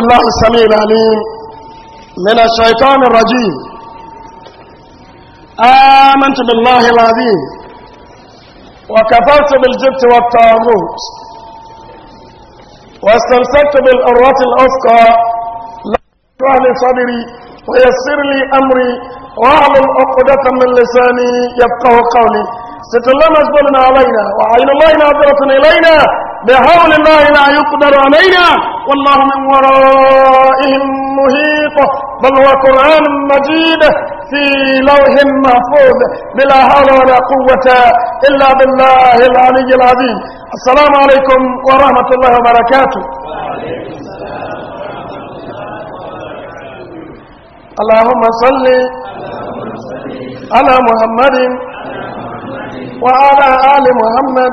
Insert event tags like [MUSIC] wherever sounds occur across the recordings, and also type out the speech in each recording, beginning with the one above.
الله السميع العليم من الشيطان الرجيم آمنت بالله العظيم وكفرت بالجبت والطاغوت واستمسكت بالعروة الأفقى لا صدري ويسر لي أمري واعلم عقدة من لساني يفقه قولي ست الله مسبول علينا وعين الله ناظرة إلينا بحول الله لا يقدر علينا والله من ورائهم مهيط بل هو قرآن مجيد في لوح محفوظ بلا حول ولا قوة إلا بالله العلي العظيم السلام عليكم ورحمة الله وبركاته اللهم صل على محمد وعلى آل محمد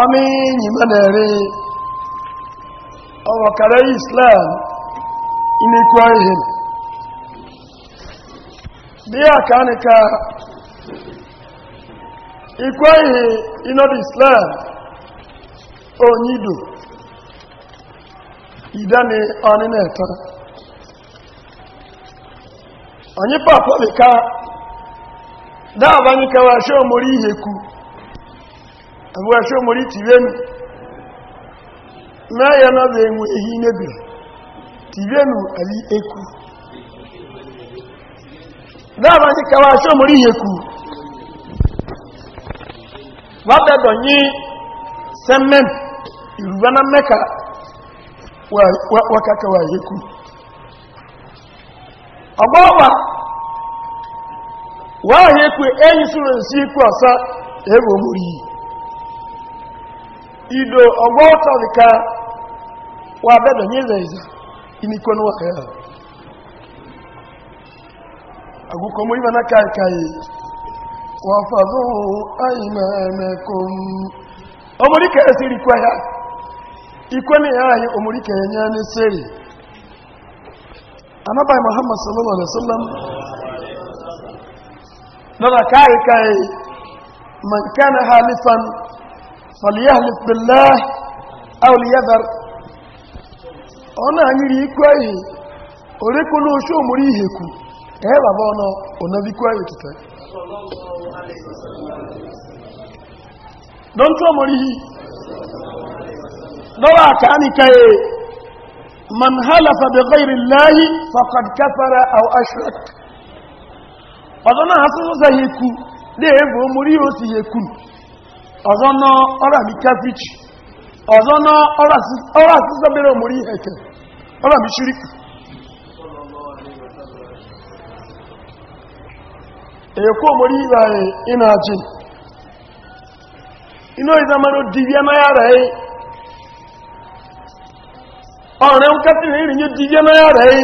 ọmọ na ẹ̀rí ọwọ̀kàrẹ́ islam inekwu ihe bí àkà nìka ikwu ihe inọdụ islam onyido idani na ẹ̀tọ́ onye pàpọ̀ lè ká dáàbá ní kẹwàá omori ihe kú abuwa ṣe mori tìbé nù mẹ́yẹ náà bẹ̀ mú èyí nébì tìbé nù àbí dáàbà ní kẹwa ṣe mori yẹkù wábẹ̀dọ̀ yí sẹ́mẹ́n ìrùbáná mẹ́ka wákàkẹwà yẹkù ọgbọ́wà wáyé kú ẹ̀yìn súnrẹ̀ sí ikú ọ̀sá ẹgbò mú yìí ido ọgbọ ọtọ dịka wa bedo nye za iza inikwe n'ụwa agụkọ mụ ibe na kai kai wafadu anyị ma emekom omori ka esiri ikwe ya ikwe na ya anyị omori ka enye anyị siri anabai muhammad sallallahu alaihi wasallam nọ na kai kai man kana halifan فليهلك بالله أو ليذر أنا أني كوي أريكو لو شو مريه مريهكو إيه بابا أنا أنا بي كوي تتا دون تو مريهي لو أكاني كي من هلف بغير الله فقد كفر أو أشرك أظن هسوس هيكو ليه بو مريهو سيكو ọzọ nọ ọrụ amịka ọzọ nọ ọrụ asịsọ bere omori ihe eke ọrụ amịchiri ekwu omori ihe anyị e, ị na-achị inú mara dìbí ẹmọ ya rẹ̀ e. ọrụ nkasi na iri ìrìnyẹ dìbí ẹmọ ya rẹ̀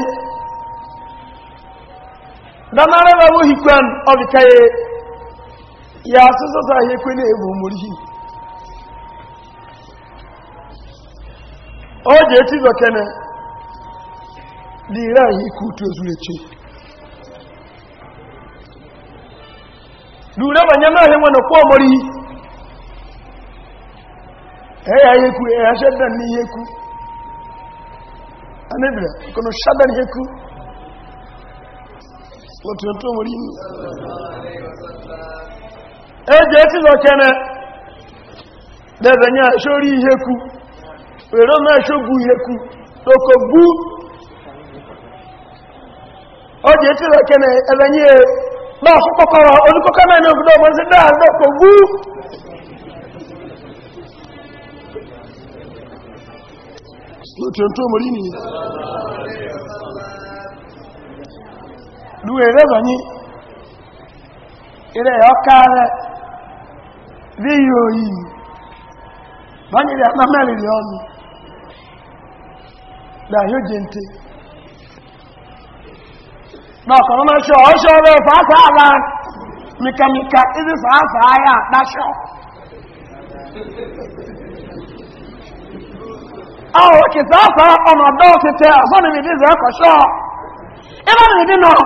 ya sụsọ sa ihe kwene ebu murhi o ji eti zọkene lere anyị ikwu utu ozuru eche lure banye n'ahịa nwere kwa omori eya ihe kwu eya shadan n'ihe kwu anibira kono shadan ihe kwu otu otu omori eji echizo kene dẹ̀bẹ̀nyà ṣórí iheku pẹ̀lú mẹ́ ṣógbu iheku tókò gbú ó tí lọ kẹ́nẹ̀ ẹ̀bẹ̀nyí ẹ̀ náà fún kọ́kọ́rọ̀ olùkọ́kọ́ mẹ́rin òbúdó ọmọ sí dáa lọ́kò bí yóò yìí báyìí àmà mẹ́rin rí ọ́nù láyé jẹ́ntẹ́ lọ́kọ̀ọ́ máa ṣe ọ̀ṣọ́ rẹ̀ fàáfà àlà mìkàmìkà ìdí fàáfà ayà àdáṣọ́ àwọn òkè fàáfà ọmọdọ́ òkè tẹ́ àfọ́nìmìdí zẹ́kọ̀ṣọ́ ìbánìmìdí náà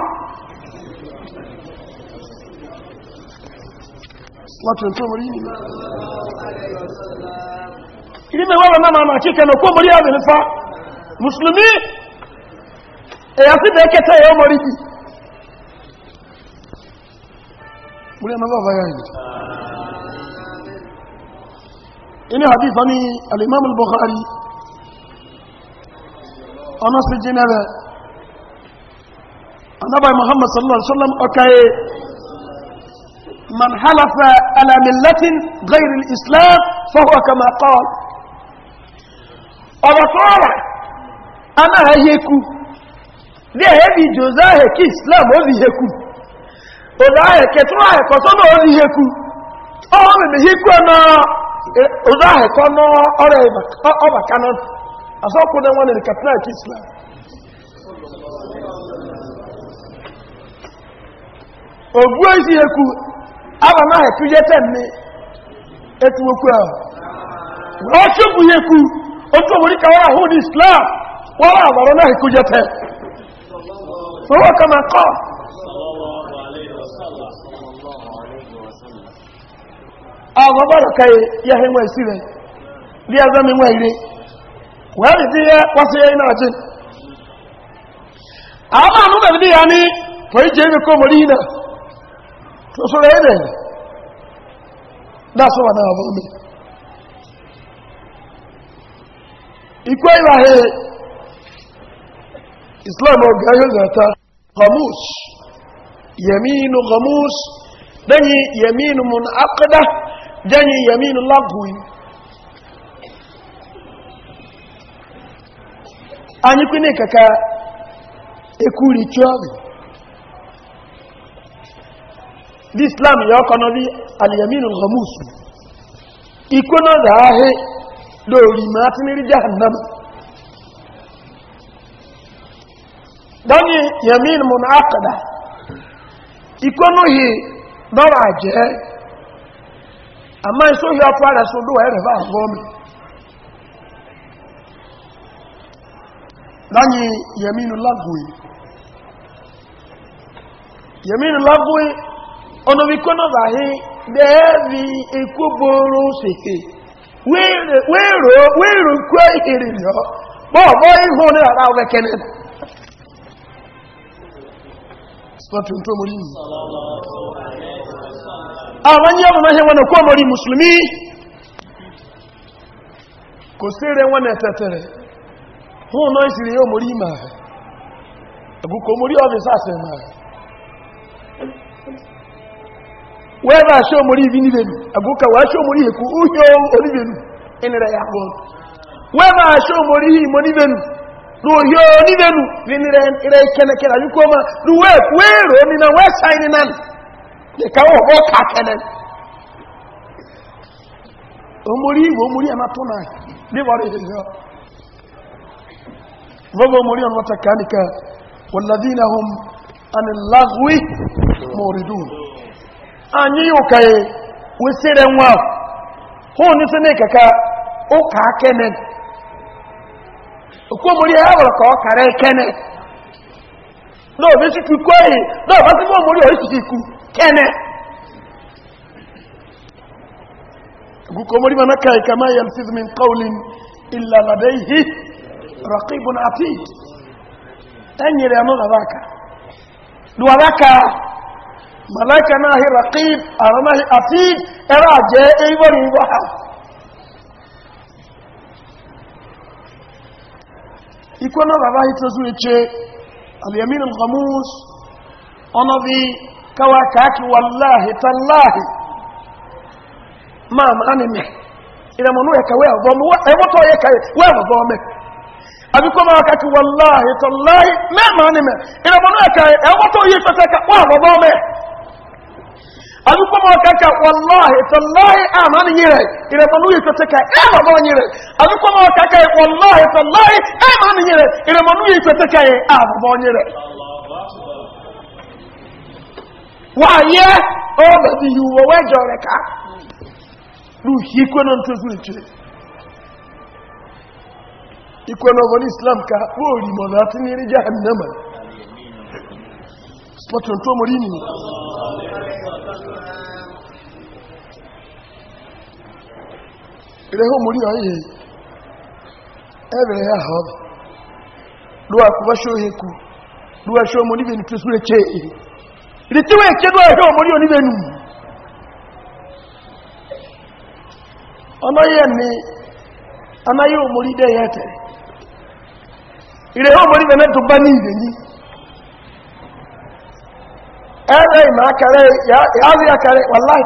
watoto mulini ilime wewe mama amakika no ko muri abefa muslimi e asibekete yo moridi mule mama baba yangu ini hadith ani al-imam al-bukhari ana sijinaba ana bay muhammad sallallahu alaihi wasallam akaye من حلف على ملة غير الإسلام فهو كما قال أبطارة أنا هيكو دي هبي جوزاه كي إسلام وذي هيكو وذاه كتواه كتواه وذي هيكو أهم بهيكو أنا وذاه كنا أريبك أبا كانت أصابكو دموان الكتناء كي إسلام ogbu ezi ekwu aba ma hetu etu oku a wọ́n ṣùgbù yẹ kú ojú òmùrí kàwọ́rà hù ní islam wọ́n rà àwọ̀rọ̀ náà ikú jẹ́tẹ̀ sọ́wọ́ kama kọ́ àwọn bọ́rọ̀ káyẹ isi hẹ́ wọ́n sí mi ire wọ́n rí tí ya wọ́n sí yẹ́ náà jìn àwọn àmúbẹ̀ bí sọ̀rọ̀ ẹ̀rẹ̀ dáṣọ́ wà náà bọ́ọ̀lẹ̀ ikú ìwàhẹ́ islam ọgbà yóò gamus yaminu gamus then yaminu mun akada then yaminu lagwin anyịkwụ ne kaka ekwuri chọọrị ndị islam ya ọkọ nọ dị aliyamin ulhamus ikwe nọ dị ahị lórí ma tiniri jahannam dani yamin mun akada ikwe nuhi dọrọ ajẹ amma iso ya ọkọ ara so do ẹrẹ bá gbọ mi dani yamin lagwe yamin lagwe ọ̀nà wíkọ́ náà bá hí lẹ́ẹ̀rí ikú bóró sèké wéèrò kú èrè lọ bọ́ọ̀bọ́ ihò ní ara ọ̀fẹ́ kẹ́lẹ̀ àwọn yẹ́ kó mọ̀rí musulmi kò sẹ́rẹ̀ wọn ẹ̀tẹ̀tẹ̀rẹ̀ hún náà ìsìrì yóò mọ̀rí ẹ̀gùn kò wẹ́ẹ̀bà ṣe omori ibi níbẹ̀lú àbúkà wà ṣe omori èkú úyọ oníbẹ̀lú ẹnìrẹ̀ yàgbọ́ wẹ́ẹ̀bà ṣe omori ìmọ̀ níbẹ̀lú lóyọ oníbẹ̀lú ẹnìrẹ̀ kẹnẹkẹrẹ àyíkọ́mà lúwẹ́ wẹ́ẹ̀rọ nínà wẹ́ẹ̀ṣáìní náà nìkàwọ̀ anyị ụka ụkaye wesịrị nwa hụ n'isi n'ịkaka ụka akene okomori ya hụrụ ka ọ kara ekene n'obi siku kweghị n'ọbasị m omori oisisi iku kene gukomori mana kai kama yalsiz min qawlin illa ladayhi raqibun atid enyere ya n'ụlọ aka duwadaka malaika náà hí rakib àwọn náà ẹ̀rọ àjẹ́ ìwọ̀n ìwọ̀ ikú náà bàbá yìí tó zúwe ṣe alìyàmínú gamus ọ̀nà bí káwà káàkiri wàláhì tàláhì máa máa nìmẹ̀ ìrẹ̀mọ̀nú ẹ̀kà àbíkọ́ máa mẹ́ máa nìmẹ̀ ọdún kọ́ mọ́ kẹ́kẹ́ wọláhì tọ́láhì àmàni yìí rẹ̀ ìrẹ̀mọ̀lú yìí tó tẹ́kẹ́ ẹ̀rọ̀mọ̀ yìí rẹ̀ ọdún kọ́ mọ́ kẹ́kẹ́ wọláhì tọ́láhì àmàni yìí rẹ̀ ìrẹ̀mọ̀lú yìí tó tẹ́kẹ́ yìí rẹ̀ wà yẹ ìrẹ́hùn mórí ọ̀yẹ́ ẹ̀rẹ̀ ẹ̀họ́ lúwà kú bá ṣóhe kú lúwà ṣó mú níbẹ̀ ní tí súnlẹ̀ ṣe èyí ìrètí wọ́n èké lúwà ẹ̀họ́ mórí oníbẹ̀ nù ọlọ́yẹ̀ ni anáyẹ̀ òmórí dẹ̀ yẹ́ tẹ̀ ìrẹ́hùn mórí bẹ̀ mẹ́tọ̀ bá ní ìrẹ̀yìn ẹ̀rẹ́ ìmọ̀ ya ìyáàrí ya wàláhì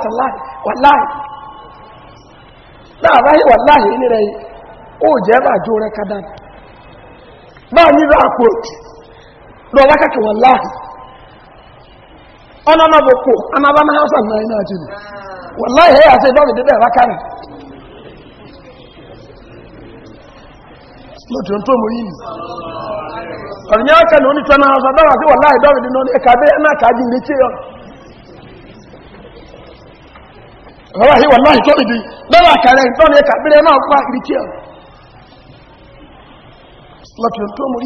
tàláhì wàláhì ní rẹ̀ ó jẹ́ bá rẹ̀ kádà náà ní àpò lọ lákàkì wàláhì ọ̀nà náà bọ̀ kò anábánáhásà náà iná jìnnà ẹ̀yà sí ìdọ́mìdídẹ̀ rákàrà lóòtù tó mọ̀ yìí ọ̀rìn yá kẹ́ ní onítọ́ náà ọ̀sọ̀ dáwà sí wà láì dọ́rìdì náà ẹ̀ka bẹ́ ẹ̀nà kàájì ní kí ọ ọ̀rọ̀ yìí wà láì dọ́rìdì lọ́wọ́ àkàrẹ̀ ìtọ́ ní ẹ̀ka bẹ́rẹ̀ náà pa ìrì kí ọ lóòtù tó mọ̀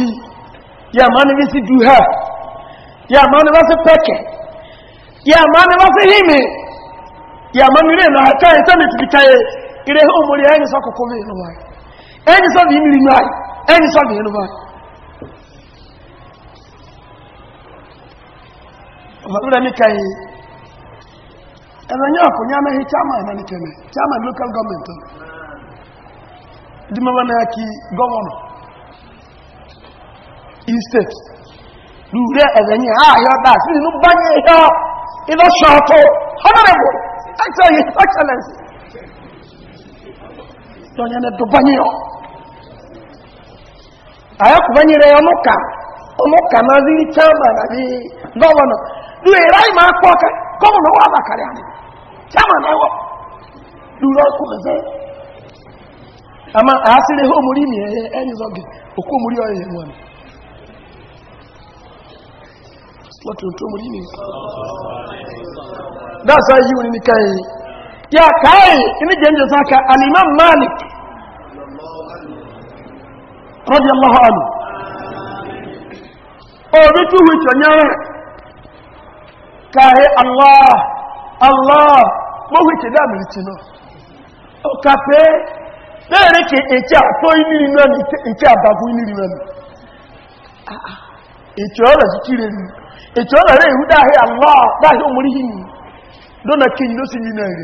yìí yà máa ní sí sí hìmì yà máa ní rẹ̀ náà káyẹ̀ sẹ́ni tìbí káyẹ̀ ire omori ẹni sọ kòkó mi nùbà ẹni sọ bí nìrì nùbà ẹni sọ bí nùbà ọ̀fọ̀dúnrẹ̀ ní kẹyì ẹ̀rọ ní ọkùnrin amẹ́hì chairman local government ìdímọ́wọ́ náà kí governor in lúrẹ́ ẹ̀rẹ̀ ààyọ́ dáa sí inú bá ẹ̀yọ́ ilọ́ṣọ́ ọ̀tọ̀ honorable excellence dɔnyɛ ne do banyɛ yɔ ayɛ ko banyɛ yɛ ɔno ka ɔno ka na bi chairman na bi dɔwɔ no do era yi maa kɔ ka kɔmu na wa ba kari ani chairman na wɔ do yɔ ko mɛ sɛ ama aasiri hɔ omori mi yɛ ɛyɛ zɔgi oku omori yɛ yɛ mu ani wọ́n tuntun omori mi. that's why you need to carry. ya kai ini jenje zaka al-imam malik radiyallahu anhu obi oh, tu wi chonyare kai allah allah mo wi ti dami ti o ka bere ke ato ini ah, ah. ni ni abagu ini ni ni ni re hu dahi allah dahi dona na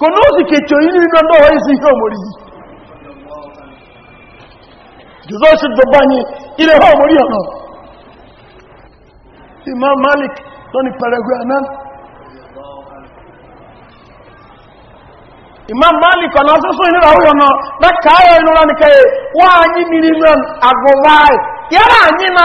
kòní ó sì kètò inú iná ihe òmòrí yìí jùzọ́ sí gbogbo anyi ilẹ̀ ọ̀nà imam malik lónìí pẹ̀lẹ̀gbẹ̀ imam malik ọ̀nà ọ̀sọ́sọ́ inú ra ọ̀nà mẹ́kàáyọ̀ inú anyị na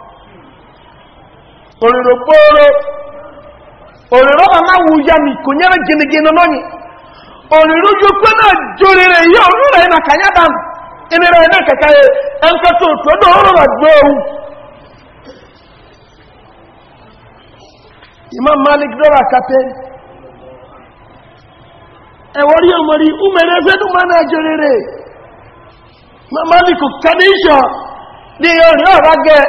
oriro kporo oriro mama wu ya mi konyere ginigini n'onyi oriro yukwe na jorire ihe oriro ina kanya dan inira ina kaka ye enkata otu ọdọ ọrụ na gbe ewu imam malik dora kape ẹwọrí ọmọrí umere ẹgbẹ́ tó máa náà jorire mama malik kadisha ní orí ọ̀rá gẹ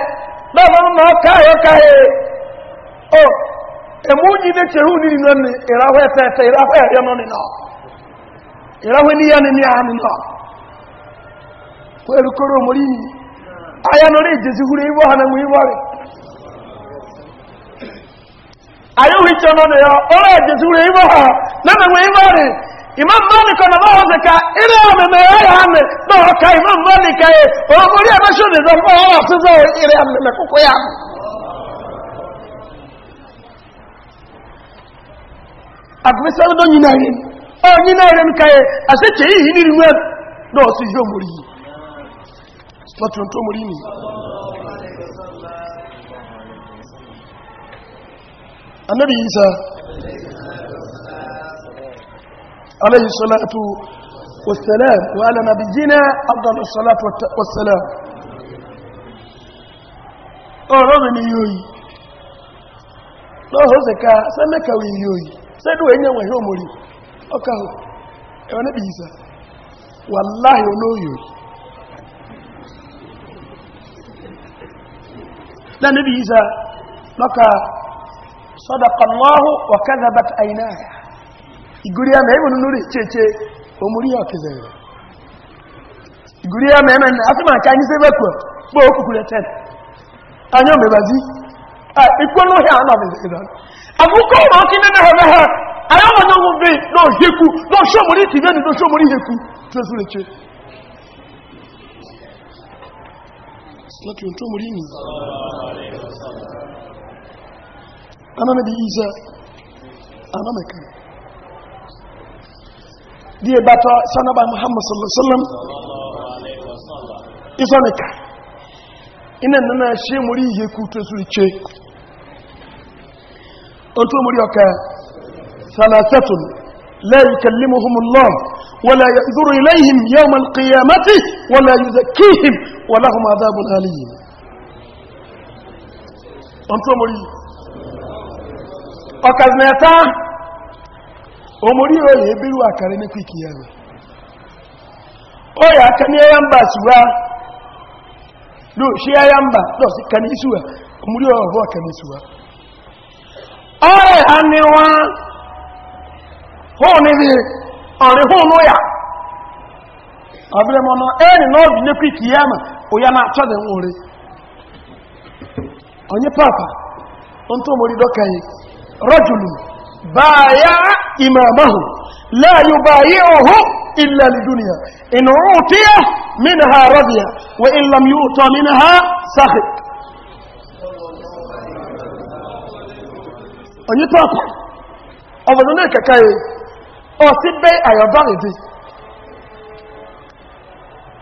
bẹ́ẹ̀ mọ́ káyọ káyọ o oh, emu onye ne chehu ni nino ni irahwe tete irahwe ya no ni no irahwe ni ya ni ni ani no kwelu koro muri aya no ni jezi hure ibo hana mu ibo re ayo wi chono ne yo ora jezi hure ibo ha na me ibo re imam malik na ba wa zaka ila me me ya ame do ka imam malik e o muri abashu de zo mo wa so zo ire ame me ko ko ya àgbẹ̀sẹ̀rẹ̀ tó yìnà rẹ̀ ọ yìnà rẹ̀ ń káyẹ àṣẹ́kẹ̀ yìí nínú ẹ̀ náà sí yóò mú rí yìí slọ́tún tó mú rí mi anábi isa aláyìsọ́látù wàsẹ̀lẹ̀ wà alẹ́nàbí jíná abdọ́lọ́sọ́látù ọ̀rọ̀ mi ni yóò yìí lọ́hùn sí ká sẹ́mẹ́kàwé yóò yìí sẹ́dù èyàn wọ̀nyí òmòrí ọkà ẹ̀wọ̀n níbi ìsà wà láàyè olóòyò lẹ́nìbi ìsà lọ́kà sọ́dọ̀kọ̀lọ́hù wọ̀kẹ́dàbàt àìná ìgúrí àmì ẹ̀mọ̀ nínú rẹ̀ chéche òmòrí ọ̀kẹ́zẹ̀rẹ̀ àbúkọ́ ọ̀rọ̀ sí nínú ẹ̀mẹ́hẹ́ aláwọ̀ náà wọ́n bèèrè náà yékú náà ṣọ́mọ̀rí ti bẹ́ẹ̀ni náà ṣọ́mọ̀rí yékú tí ó súnlẹ̀ ṣe láti ohun tó mọ̀rí ní anámẹ́bí iṣẹ́ anámẹ́kà bí i muhammad sallallahu isọ́nìkà iná nínú ṣe mọ̀rí yékú tí ó súnlẹ̀ ṣe أنتم مريوك ثلاثة لا يكلمهم الله ولا ينظر إليهم يوم القيامة ولا يزكيهم ولهم عذاب أليم أنتم مريوك أكذنيتا أمريوك يبيروا أكاريني في كيامة أويا كان ينبع سوا لو شيئا ينبع لو كان يسوا أمريوك أكاريني سوا ọrẹ ha ni wọn hóun hụ ọ̀rẹ́ hóun ló na ọ̀bẹ̀rẹ̀ mọ́ náà ẹ̀rìn náà bí ní pìkì yẹ́ mà ó pàpà ó ń tó mórí dọ́kà yìí rọ́jùlù báyá ìmàmáhù láàyò báyé ọ̀hún ilẹ̀ lìdúnìyà ìnà òun tí ha ha onye tọpụ ọbụna na ekeka ya ọsị be ayọdọrị dị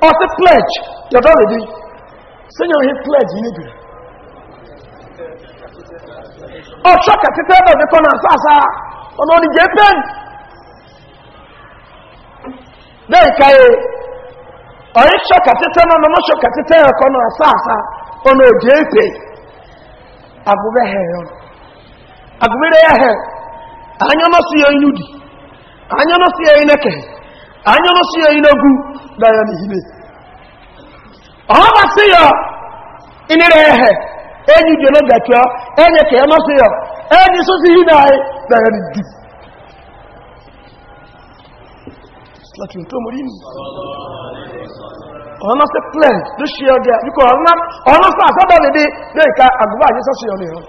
ọsị pledge yọdọrị dị sịnye ohi pledge yi bi ọchọ katịta ebe ọdịkọ na asa asa ọnụ ọdị je pen na eka ya ọyị chọ katịta na ọnụ chọ katịta ya ọkọ na asa asa ọnụ ọdị epe abụbe ha ya ọnụ agụmere ya he anya nọsi ya inu di anya nọsi ya ineke anya nọsi ya inegu na ya n'ihe ọ masị ya inere ya he enyi di elu gachua enye ka ya nọsi ya enyi sosi ihe na anyị e. na ya n'ihe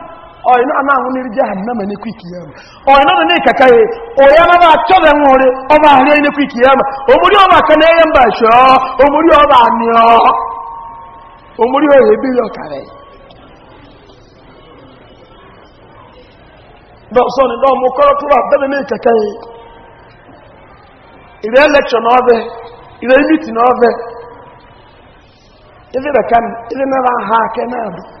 ọ̀yìnà ya wọn ní jẹ́ hannama ní ya yẹmà ọ̀yìnà na ní kàkàyè ya bá tọ́bẹ̀ wọn rí ọba àríyà ní kwikì yẹmà omúrí ọba kaná ẹyẹ mbà ṣọ́ omúrí ọba ọ omúrí ọyẹ bí yọ ọ sọ́ni dọ́ mú kọ́rọ́ tó wà bẹ́ẹ̀ ya. na ha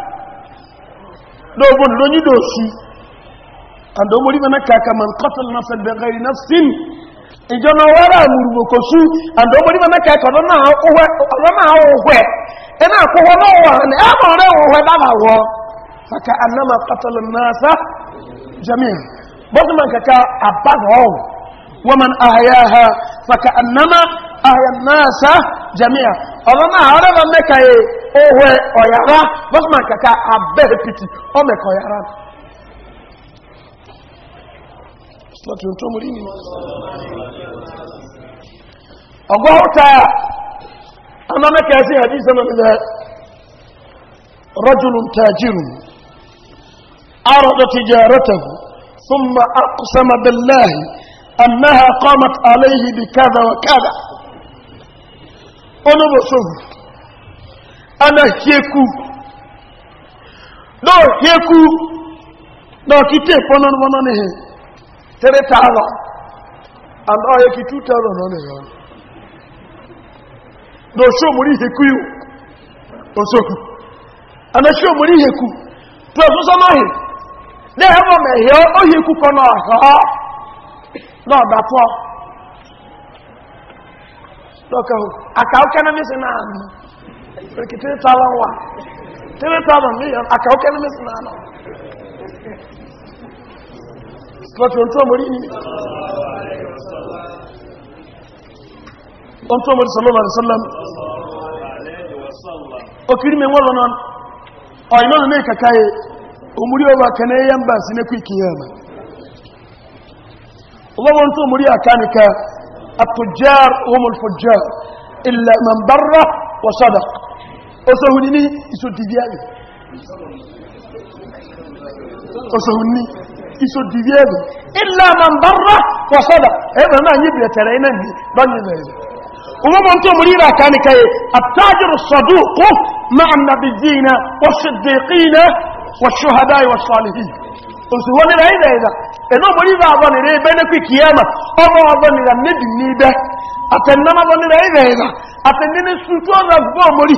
dogon don yi doshi an don muri mana kakaman katal nafsan da gari nafsin ìjọna wọ́rọ̀ àmúrùgbòkò sú àdó mọ́rí mọ́ mẹ́ka ẹ̀kọ́ lọ́nà ọ̀hẹ́ ẹ̀nà àkọwọ́ náà wà ní ẹ̀mọ̀ rẹ̀ ọ̀hẹ́ lára wọ́ fàkà ànámà pàtàlù náà sá jami'a bọ́sùmọ̀ kàkà àbádọ́ wọ́n mọ̀ àyàhà fàkà ànámà àyà náà sá jami'a ọ̀lọ́nà àárẹ̀ mọ́ mẹ́ka yìí owe ọ̀yàrá bọ́sùmọ̀ kàkà abẹ́ pìtì ọmọkọ̀ ọ̀yàrá ọgọ́ ọ̀tá anamẹ́kẹ̀ẹ́sí àti ìsẹ́mọ̀lẹ́ rọ́jùlùm tajirùn arọ́dọ̀ tijaratahu ثم أقسم بالله أنها قامت عليه بكذا وكذا أنبسوه ana hieku do hieku do kite ponon wonon he tere tawa and o yeki two thousand on he do so muri hieku yo osoku ana so muri hieku to so so mahi de hemo me he o hieku kono ha no da po do ka aka o kana mi se na Like 3,001. 3,000 million. I can't get this man. Slot on somebody. On somebody, sallallahu alayhi wa sallam. Okiri me wala non. Oyino ne kakaye. Omuri oba kane yamba sine kwikiyama. Allah won somebody akanika. التجار هم الفجار إلا من بر وصدق osohun ni iso diviali osohun ni iso diviali illa man barra wa sada e ba na yibre tare nan ni don ni ne ubo mon to muri ra kan kai at-tajiru saduq ma'a an-nabiyina was-siddiqina wash-shuhada'i was-salihin osohun ni rai da eno muri ba ba ni re be ne ku kiyama obo obo ni ra ne di ni be atenna ma ni rai da atenni ne su to na bo muri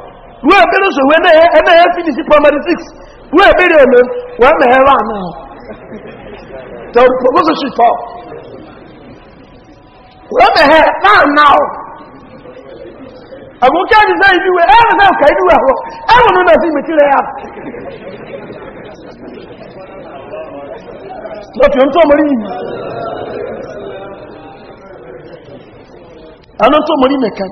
wọ́n ẹ̀bẹ̀rẹ̀ ṣòwò ẹ̀nà ẹ̀ finish primary six wọ́n ẹ̀bẹ̀rẹ̀ ẹ̀mẹ́ wọ́n mẹ́ ẹ̀rọ àná the proposition for wọ́n mẹ́ ẹ̀ náà náà àwọn kí á ti sẹ́yìn ìdíwẹ̀ ẹ̀rọ náà kà ìdíwẹ̀ àwọn ẹ̀rọ náà sí ìmìtì rẹ̀ yàrá lọ́tí ohun tó mọ̀rí yìí àwọn tó mọ̀rí mẹ́kàn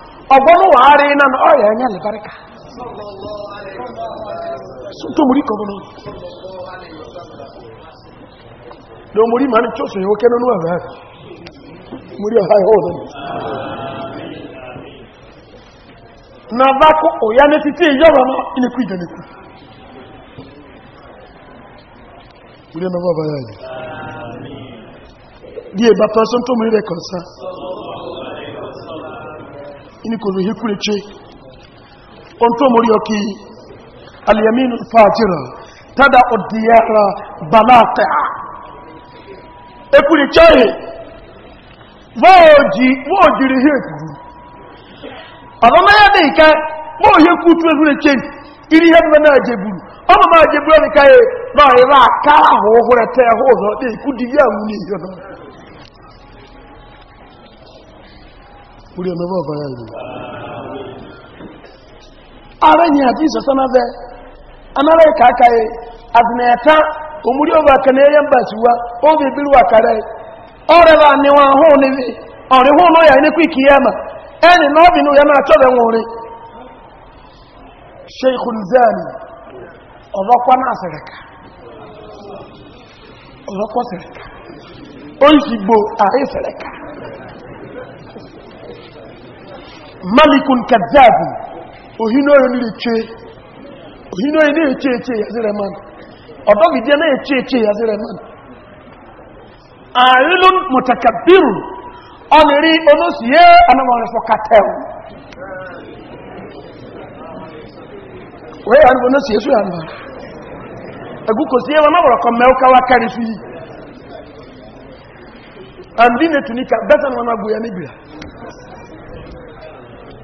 ọgbọ́nú wà á rí iná ní ọ̀rẹ́ ẹ̀yẹ́ àlìbáríkà tó múrí kọ̀ọ̀bọ̀n náà ló múrí ma ní ṣóṣù yíó kẹ́ nínú ẹ̀rẹ́ ọ̀há ẹ̀họ́ ọ̀dọ́ na bá kó òyá ní títí ìyọ́rọ̀ náà inekú ìdẹ̀nekú múrí ẹ̀mẹ́ bọ́ bá ìdí bí ẹ̀bá pẹ́sọ́ tó múrí rẹ̀ inikono hekuleche onto morioki alyamin alfajira tada odiyara balata ekuleche woji ihe ya dị e iri ihe mẹ́rin na jẹgbùrù ọmọ máa jẹgbùrù ọmọ ìka yẹ náà ìrà káà aka ohun rẹ̀ ete kúrí ọmọ ẹgbẹ́ ọ̀fọ́ yẹn yìí ààrẹ yìí àti ìsọ̀sọ́nà bẹ́ anára ìkàkàyè àbìnẹ̀ẹ̀ta òmúrí ọba kẹnẹ̀ẹ́yẹ ń bà sí ó fi bírú àkàrẹ ọrẹ bá níwọn ahóhùn ní kú ìkìyà náà malikun kadabu ohinoyo ni leche ohinoyo ni eche eche yazire man ọdọgidẹ na eche eche yazire man ààrínlún mọ̀tàkàbírù ọ̀nìrí onóṣìyẹ́ anamọ̀rẹ̀ fọ́kàtẹ́wù wẹ́yà ní onóṣìyẹ́ sọ yà náà ẹ̀gú kò sí ẹwọ́n mọ̀rọ̀ kan mẹ́ọ́káwá kárí sí yìí àndínẹ̀tù ní ká bẹ́tẹ̀ wọn agbóyá níbìrà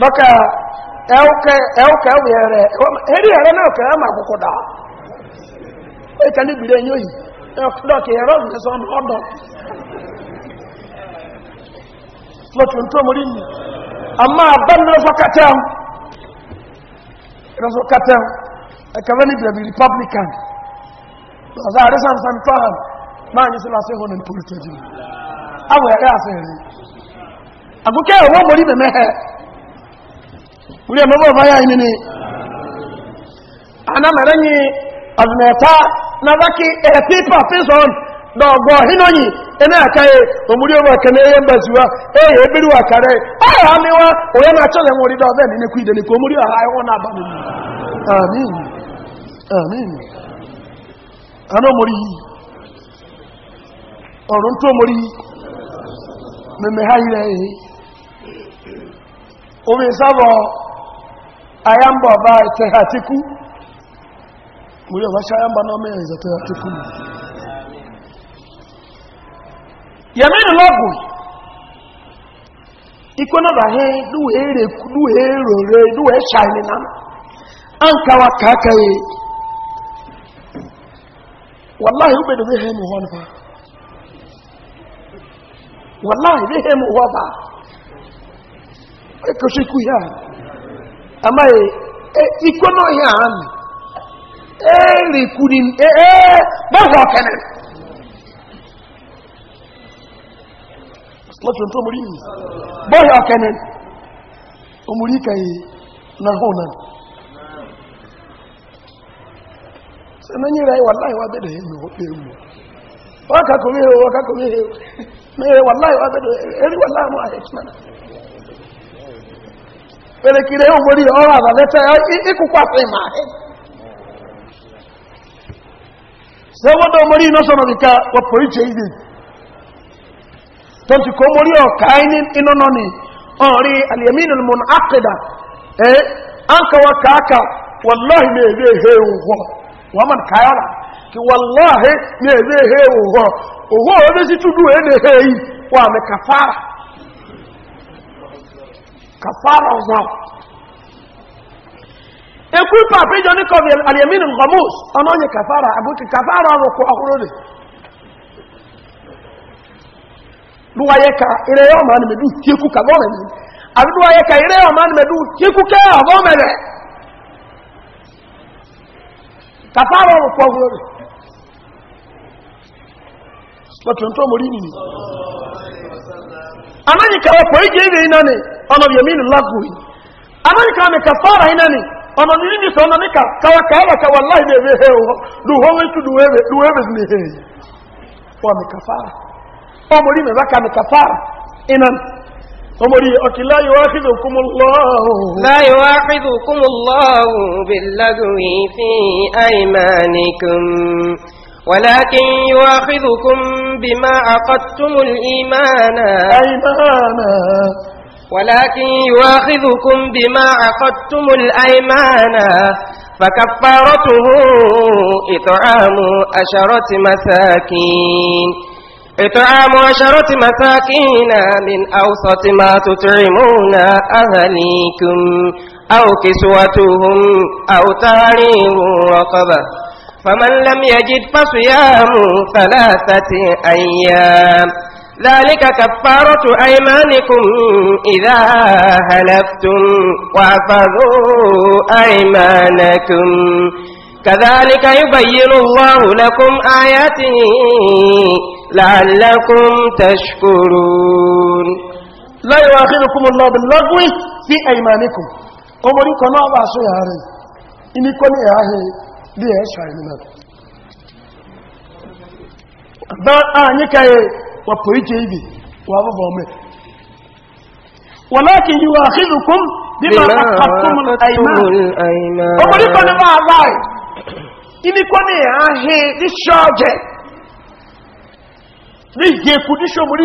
baka ɛwokɛ ɛwokɛ ɛwuyɛrɛ yɛrɛ náà kɛ ɛma koko da ɛyɛ kan ni bire yoyi ɛdɔkɛ yɛrɛ ɔlùkɛ sɔn ɔdɔ lɔtontomori ni ama abanilɛ fɔ katɛw ɛfɛ fɔ katɛw ɛkɛfɛ ni birabi republican ɔsɛ arisansan maa nyi ase ase yɛrɛ mɛmɛ hɛ. wuri ya mababa ya yi ne ana mere yi azumeta na zaki efe papison da ọgbọ hinonyi ina aka yi omuri ọba kene ihe mbaziwa eyi ebiri wa kare ọya amiwa onye na achọ lenwe orida ọbẹ ni nekwu ideni ka omuri ọha ihu na abami amin amin ana omuri yi ọrụ ntụ omuri yi mmemme ha yi na ehi omi sábọ ayamba ọba ìtẹ̀hàtíkú múrí ọba ṣayamba náà mẹ́rin ìzẹ̀tẹ̀hàtíkú yẹ̀mínú lọ́gùn ikú náà bá hẹ́ lúwẹ̀ èrò rẹ̀ lúwẹ̀ ṣàìní náà a ń káwa kàákàáyé wàláhì ó gbẹ̀dọ̀ bí hẹ́mù wọn bá wàláhì bí hẹ́mù wọn bá amaghị e, ikwe e, e, n'ọhịa [LAUGHS] ahụ erikwuri ee gbanwe ọkene lọ́tún tó múrí yìí bọ́ọ̀lù ọkẹni omúrí kẹyì na hónan ewu rẹ̀ wà láìwá bẹ̀rẹ̀ ẹ̀mù ẹ̀mù wọ́n ihe ẹ̀wọ́ kàkùnrin ẹ̀wọ́ wà láìwá bẹ̀rẹ̀ ẹ̀rí wà perekire omori ọrụ abaleta ịkụkwasị ma sọwọdọ omori inọsọnọ dịka wapụ iche ize tonti ka omori ọka anyị ịnọnọ ni ọrị alyaminul mun akida eh an kawa ka aka wallahi na ebe ihe ụgwọ waman kayala ki wallahi na ebe ihe ụgwọ ụgwọ ebe si tudu ene ihe yi wa mekafara kàfàrà ọ̀zọ́ ekú pàpíjọ ní kọ̀bí alìyàmínú gọmọ́s ọ̀nà onye kàfàrà kafara kàfàrà ọ̀rùkù ọ̀húrú rẹ̀ duwaye ka ire yọ ma ni medu tieku ka gọmẹ ni àbí duwaye ka ire yọ ma ni medu tieku kẹ ọgọmẹ Kafara kàfàrà ọ̀rùkù ọ̀húrú rẹ̀ lọ́tún tó mọ̀ rí nìyí amẹ́ríkà ọ̀pọ̀ èjì èrè iná ni ọmọ yẹmí ni lágbo yìí amẹ́ríkà mi kà fọ́ọ̀rà iná ni ọmọ mi ní sọ ọmọ mi kà káwa káwa káwa láì lè rèé ẹ̀wọ̀ lùhọ́ wé tu lùwé rè lùwé rè lè rè wà mi kà fọ́ọ̀rà ọmọ rí mi bá kà mi kà fọ́ọ̀rà iná ni ọmọ rí ọkì láyé wá kí lókùnmù lọ́wọ́. lọ́wọ́ ولكن يواخذكم بما عقدتم الإيمان أيمانا ولكن يواخذكم بما عقدتم الأيمان فكفارته إطعام عشرة مساكين إطعام عشرة مساكين من أوسط ما تطعمون أهليكم أو كسوتهم أو تعليم رقبه فمن لم يجد فصيام ثلاثة أيام ذلك كفارة أيمانكم إذا هلفتم واحفظوا أيمانكم كذلك يبين الله لكم آياته لعلكم تشكرون لا يؤاخذكم الله باللغو في أيمانكم أمركم أبعثوا يا هاري إني كوني يا bí ẹ̀ ṣàrẹ̀ nínú bá àyíkáyẹ wà pọ̀ ìjẹ ibi wà bọ́bọ̀ mẹ́ wọ́lákin yíwa àkílùkún bí ma àkàtùmù àìmá ọmọdé kan ní máa ráì ibi kọ́ ní àáhẹ́ ní ṣọ́ọ̀jẹ̀ ní ìyẹ̀kù ní ṣòmùrí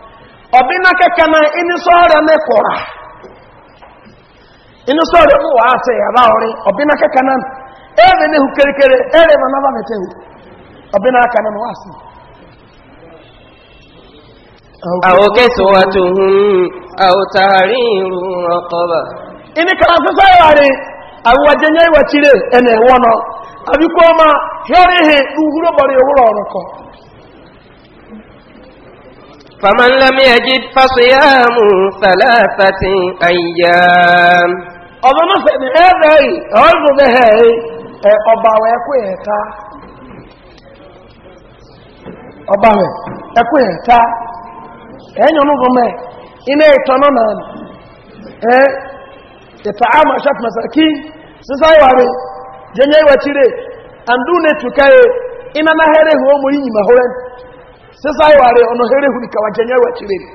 ọ̀bínà kẹ́kẹ́ náà inú sọ́ọ̀rẹ́ mẹ́kọ̀ọ́ra inú sọ́ọ̀rẹ́ mú ebe n'ihu sẹ yàrá ọ̀rí ma náà mẹ́tẹ́ hù ọ̀bínà kẹ́kẹ́ náà wà sí àwòkẹ́sọ̀wàtòhun àwòtàrí nri ọkọ̀bà inú kan sọ́sọ́ ìwàrí àwòwàjẹ́nyẹ́ ìwàchire ẹ̀nà ẹ̀wọ́n náà ọmọ فمن لم يجد فصيام ثلاثة أيام ọmọ náà fẹ̀mí ẹ̀rẹ́ yìí ọ̀rọ̀ ní ẹ̀ ọba rẹ̀ ẹ̀kú ẹ̀ka ọba rẹ̀ ẹ̀kú ẹ̀ka ẹ̀yìn ọmọ mẹ́ iná ìtọ́nà náà ẹ̀ ìta àmà ṣàtìmọ̀sàkí sísáyẹ̀wà rẹ̀ jẹ́nyẹ́ ìwà chire àndú ní tùkẹ́ sasa iware ono here hulika wa jenya wa chirere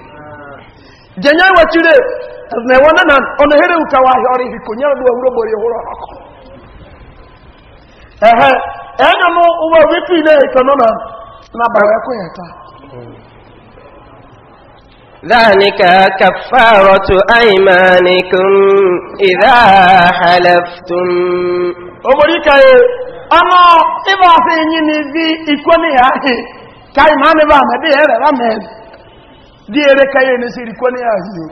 jenya wa na wona na ono here hulika wa hori hikonya do huro bori huro roko ehe enyo mo uwa na ذلك كفارة أيمانكم إذا حلفتم إذا سيني kai ma ne ba me de ere ba me di ere kai ne siri ko ne azu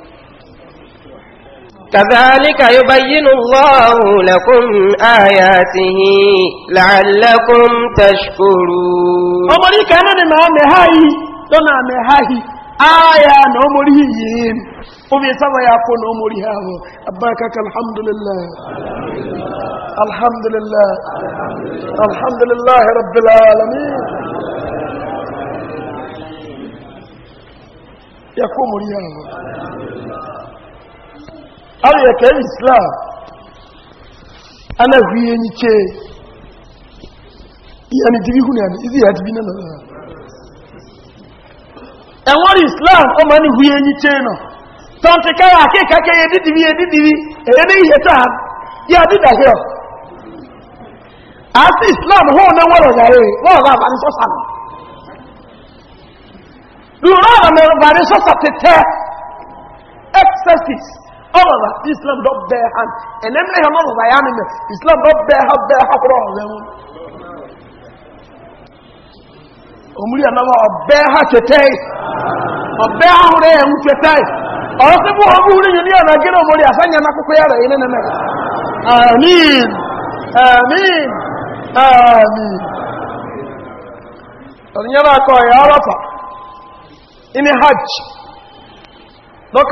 كذلك يبين الله لكم آياته لعلكم تشكرون أمري كان لما مهاي لما مهاي آية نمريين وفي سوى يكون أمري هذا أباكك الحمد لله الحمد لله الحمد لله رب العالمين yẹ kó mo rí yẹn lọ. islam ana hu yẹn ni kye yẹn ni dibi hun yẹn dibi nínú yẹn. islam ọmọ ni hu yẹn nọ tọ́ntì káyà àkíkà kẹ́ ya dídìbí yẹn dídìbí èyẹ ní ìyẹ tán yẹ àdídà hẹ́ọ̀ Asi islam hó ní wọ́n rọ̀ yàrá wọ́n lùrọ̀ mẹ́rin bàrí sọ́sà tẹ́tẹ́ excesses all of that islam don bear hand ẹ̀nẹ́ mẹ́rin ọmọ of my nìmẹ̀ islam don bear hand bear hand kúrò ọ̀rẹ́ wọn òmùrí ànáwà ọ̀bẹ́ ha tẹ́tẹ́ ọ̀bẹ́ ahùrẹ́ ẹ̀hún tẹ́tẹ́ ọ̀rọ̀ sí fún ọmọ orí yìí ní ọ̀nà gẹ́rẹ́ òmùrí àsáyẹ̀ nakókó yára yìí nẹ́nẹ́ mẹ́rin amin amin amin ọ̀rìnyẹ́rà kọ̀ ẹ̀yà ọlọ́pàá ini hajj la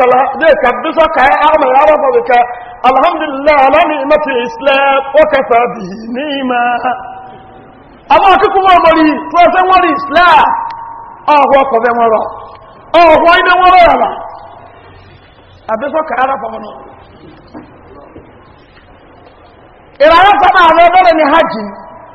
dị ka bisa ka ye ama ya ba ka alhamdulillah ala ni islam o ka bi ni ma a ma ko kuma mɔri tuwase islam ɔ hɔ kɔfɛ mɔrɔ ɔ hɔ ina mɔrɔ ka ara fɔ ni hajj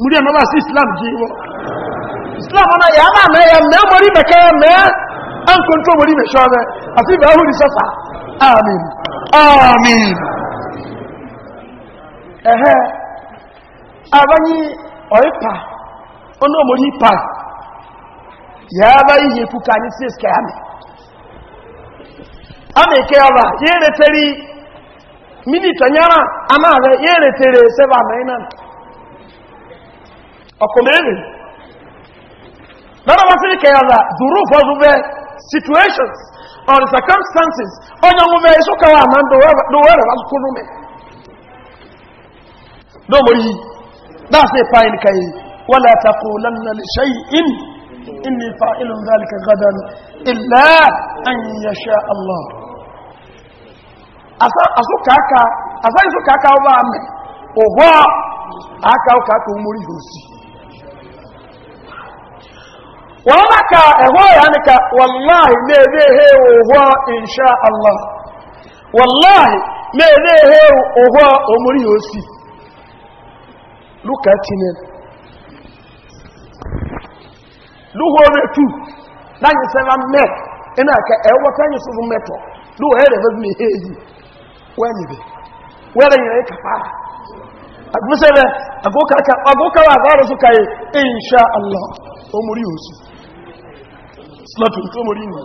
muri ẹ̀ sí islam jí wọ́n islam ọ̀nà yà máa ya mẹ́ mọ́rí mẹ́kẹ́ mẹ́ án mọ́rí mẹ́ṣọ́ rẹ̀ àti ìbẹ̀ amin amin ẹ̀hẹ́ abáyí ọ̀ípa ọ̀nà mọ́rí pa yà abáyí yẹ fúkà ní sí ẹ̀sìkẹ̀ ọkùnrin lọ́nà wọ́n sí kẹyà ọ̀la zuru fọ́zù bẹ́ situations or circumstances onye ọmọ bẹ́ iṣu kọwa àmà ndòwẹ́ rẹ̀ lásìkò nùmẹ̀ lọ́mọ yìí láti ipa ìnìkà yìí wọ́n lè lọ́nà lè ṣe in inni fa ilun illa an yasha Allah asa asuka aka asa isuka ame ụgbọ aka ụka aka wọ́n bá ka ẹ̀họ́ ìhánikà wàláhì léèrè ihe inṣá allah ihe òhúọ́ òsì lúkà tinẹ̀ lúhọ́ mẹ́tù láyé mẹ́ iná ka ẹ̀wọ́ sáyé sọ́fún mẹ́tọ̀ lúhọ́ ẹ̀rẹ̀ fẹ́ mi hẹ́ yìí allah sílọ́tù tó mọ̀ rí nù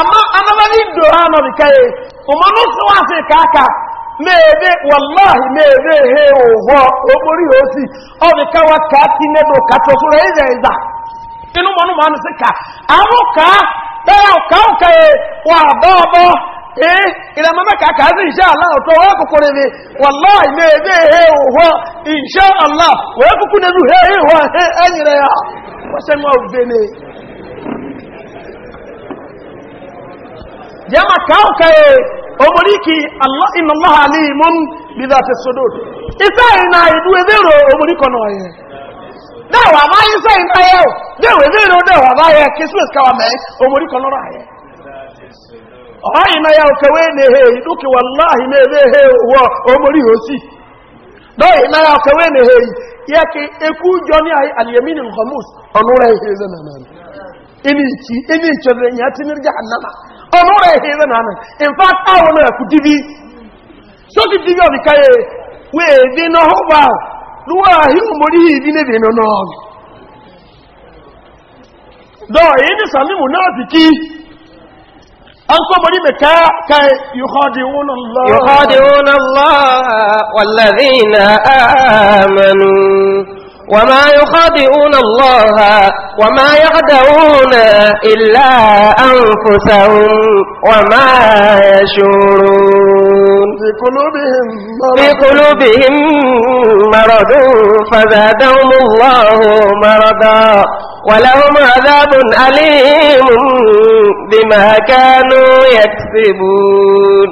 àmá anábẹ́lì dòrá nọ bí káyé ọmọnú tó wá sí káàkà mẹ́ẹ̀dẹ́ wàláhì mẹ́ẹ̀dẹ́ he òwò ogbórí òsì ọ̀bìkáwà káàkì nẹ́dọ̀ kàtọ̀ sọ́rọ̀ ẹ̀yẹ̀ ìzà inú mọ̀nú mọ̀ sí ká àwọn ká bẹ́ẹ̀ ká ó káyé wà bọ́ọ̀bọ́ ee ìlà mọ́mọ́ kàkà sí ìṣẹ́ aláwọ̀ tó wọ́n kòkòrò rẹ̀ wàláhì mẹ́ẹ̀dẹ́ he òwò ìṣẹ́ he ìwọ̀ ẹ̀yìn rẹ̀ yà wọ́n sẹ́nu jama kawo kaye omoriki allah inna allah alimun bi zati sudur isa ina idu ezero omoriko no ye da ma isa ina ye de we zero de ba ye kismes kawa me omoriko ra ye o ina ya kawe he he ya kawe ne he eku he zanana ini ọmọ rẹ̀ ihe ẹ̀rẹ́ náà in fact àwọn náà kù dìbí so ti dìbí ọ̀bí káyẹ wé èdè náà hùwà lúwà hìhùn mọ̀ rí ìdí níbi iná náà dọ̀ èyí ní sàmìmù náà fi kí an kọ́ mọ̀rí mẹ́ká káyẹ yóò hàdì وما يخادعون الله وما يخدعون إلا أنفسهم وما يشعرون في قلوبهم مرض, في قلوبهم مرض فزادهم الله مرضا ولهم عذاب أليم بما كانوا يكسبون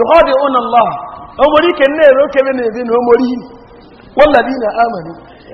يخادعون الله أمريكا النيل كمن يبين أمريكا والذين آمنوا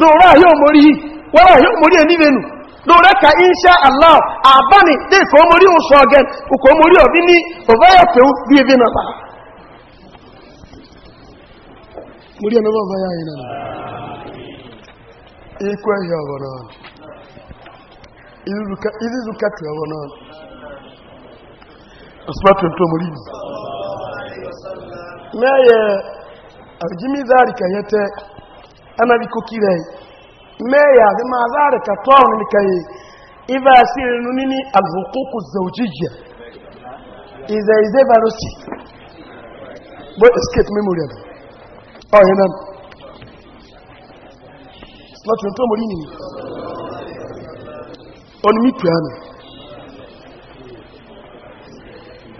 lóòrá yóò mórí wọ́rá yóò mórí ẹnívẹ̀nù lóòrá ka inṣá allah àbáni dé ala mórí oṣù ọ̀gẹ̀ òkò mórí ọ̀bí ní ọ̀báyàtẹ̀wò bí ebi nàbà mórí ẹnubọ̀ ọ̀báyà yìí nàbà ẹ̀yà ana bi koki rẹ mẹ́yà bí máa záàrẹ̀ kàtọ́ ọ̀run nìkan yìí ibà sí ìrìnú níní alhukuku zaujijia ìzẹ̀ ìzẹ̀ varosi bó escape memorial ọ̀yẹ́ náà lọ́tún tó mọ̀ nínú onímìtì àmì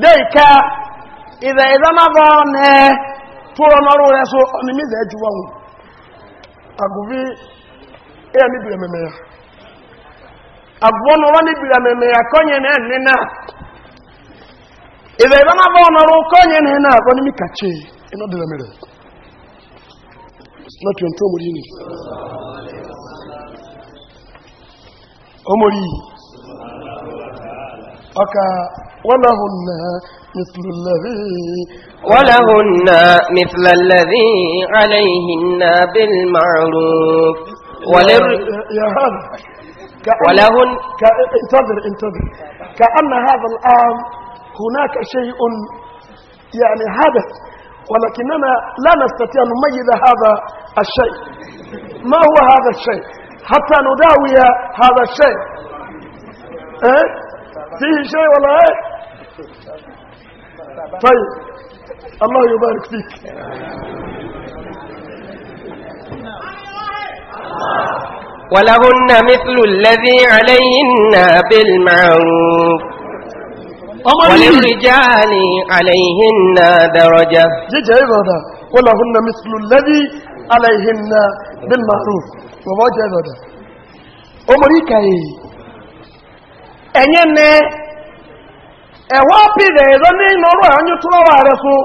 dẹ́ ìka ìzẹ̀ ìzẹ̀ máa bọ́ ọ̀nà ẹ̀ tó rọ mọ́rú rẹ̀ so onímìzẹ̀ ju wọn agobi ɛyɛ ne bira ya agoɔ no ɔba ne bira mɛmɛ ya kɔnyɛ na ɛne na ɛbɛ na bɔn nɔrɔ na ɛna akɔ ne mi kakye ɛna ولهن مثل الذي ولهن مثل الذي عليهن بالمعروف ولر يا هذا ولهن انتظر انتظر كأن هذا الآن هناك شيء يعني حدث ولكننا لا نستطيع أن نميز هذا الشيء ما هو هذا الشيء حتى نداوي هذا الشيء إيه؟ فيه شيء ولا إيه؟ طيب الله يبارك فيك ولهن مثل الذي عليهن بالمعروف وللرجال عليهن درجة جيجي هذا ولهن مثل الذي عليهن بالمعروف وواجه هذا أمريكا أنيا ẹ̀wọ́ pìdẹ̀ ìzọ́ ní ìnọrọ̀ ẹ̀yọ́ tó rọwà rẹ̀ sún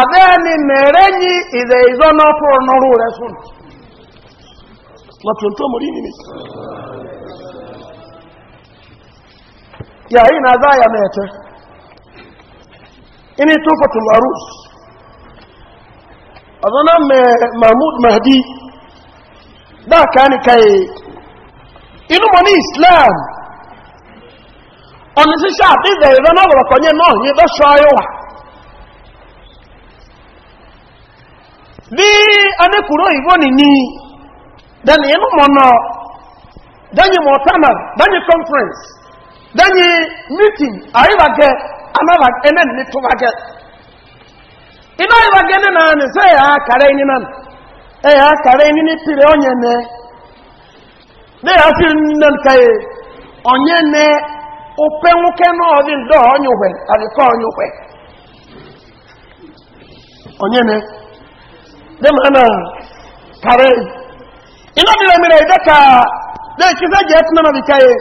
àbẹ́ẹni mẹ̀rẹ́ yí ìdẹ̀ ìzọ́ náà fún ọ̀nọ́rọ̀ rẹ̀ sún lọ́tún tó mọ̀rí nìmi yàí inú mahdi dákàá nìkàyè inú mọ̀ ní islam ọ̀nà ṣíṣẹ́ àbíbẹ̀ ìrọ́ náà wọ̀rọ̀kọ̀ yẹn náà yìí lọ́ṣọ́ ayọ́wà bí anẹ́kùrọ̀ ìwọ́ ni ní dẹni inú mọ̀nà dẹni mọ̀tánà dẹni conference dẹni meeting àríwàgẹ́ anáwàgẹ́ ní tọ́wàgẹ́ iná ìwàgẹ́ nínú àmì sẹ́ ẹ̀yà kàrẹ́ ní náà ẹ̀yà kàrẹ́ ní ní pìrẹ́ upe nwoke n'ọdị ndọ ọnyụkwe adịkọ ọnyụkwe onye ne dị ma na kare ina dị mere ide ka na-echize ji etu na mabika ya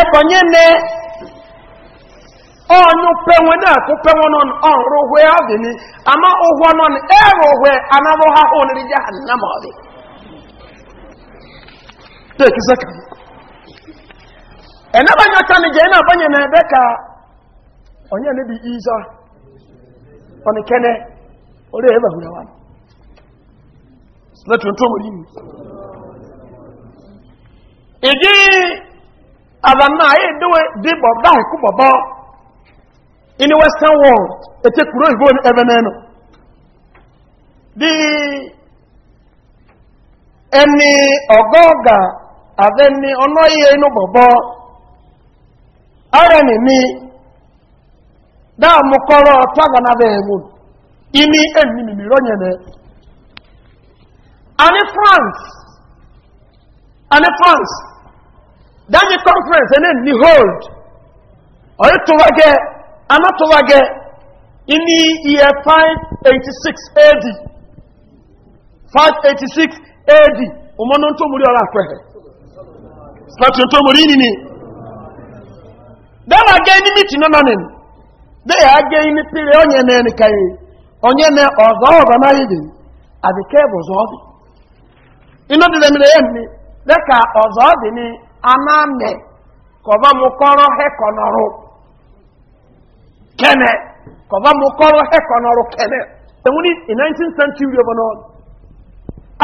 ebonye ne ọnyụ penwe na-akụ penwe nọ n'ọrụ ụgwọ ya dị ni ama ụgwọ nọ ere ụgwọ anabụ ha hụ nri ji ha nna ma ọ dị na-echize ka ẹ̀nàbà ní ọ̀tá ní ka ọ̀nyẹ́ níbi ìzá ọ̀nìkẹ́nẹ́ orí ẹ̀bà hùrẹ̀ wà lẹ́tùn tó mú yìí ìdí àbànà ayé ìdíwẹ̀ dí bọ̀bá ìkú bọ̀bọ́ in western world ètè kúrò ìgbó ní ẹbẹ ẹni àbẹ́ni ọ̀nà iye inú ara ni mi dáàmú kọ́rọ́ tọ́gà náà ẹ̀wọ̀n ilé èmì mìmì rọ́nyẹ̀ a ní france a ní france dáàmì conference ẹni ní hold ọ̀yí tó wágẹ́ aná tó year 586 ad 586 ad ọmọ náà tó múrí ọ̀rọ̀ dara aga eni miti nọ nanin de ya aga eni pere onye na eni kai onye na ọzọ ọzọ na yidi adike bụ ọzọ ọdị ino dịle mere ya mmi dịka ọzọ ọdị ni aname kọba mụ kọrọ hekọnọrụ kene kọba mụ kọrọ hekọnọrụ kene ewuni in 19th century ọbụna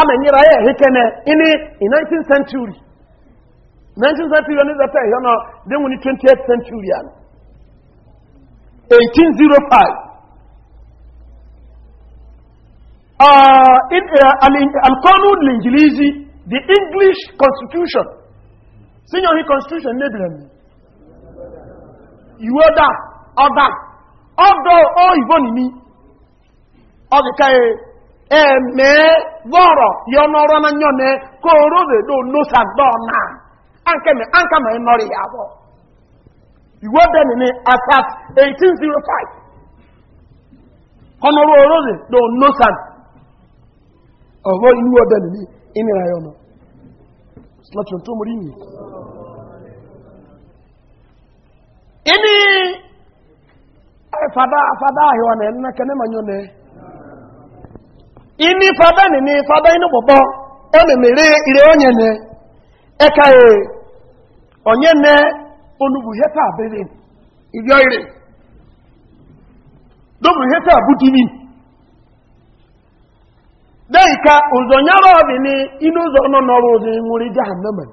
amenyere ya ehekene ini in 19th century 19th century ni zata yɛ no de wuni 20th century eighteen zero oh five. Ah, in, uh, alkonu lingilizi the english constitution senior hi constitution ne bila oh, mi iwe da ọda ọdọ ọyìnbó nìní ọdìka yẹ ẹ̀mẹ́ bọ̀rọ̀ yọ n'ọrọ̀ na nyọ̀ nẹ kó do rọ́ọ̀dẹ̀ dò lọ́sàgbọ́ anka ma ịnọrị ya abụọ iwe benin asat 1805 na onosan ọhụrụ iwe benin ịmịra ya ọnụ slọtụ ntụ mụrụ inyi ini eh, fada fada ahịa na ẹnna kẹne ma ini fada nini fada ire onye eka e onye ne onugbu ihe taa bere ibi oire dobu ihe taa bụ divi dei ka ụzọ nyara ọdị ni inu ụzọ nọ n'ọrụ ụzọ nwere ije ha mmemen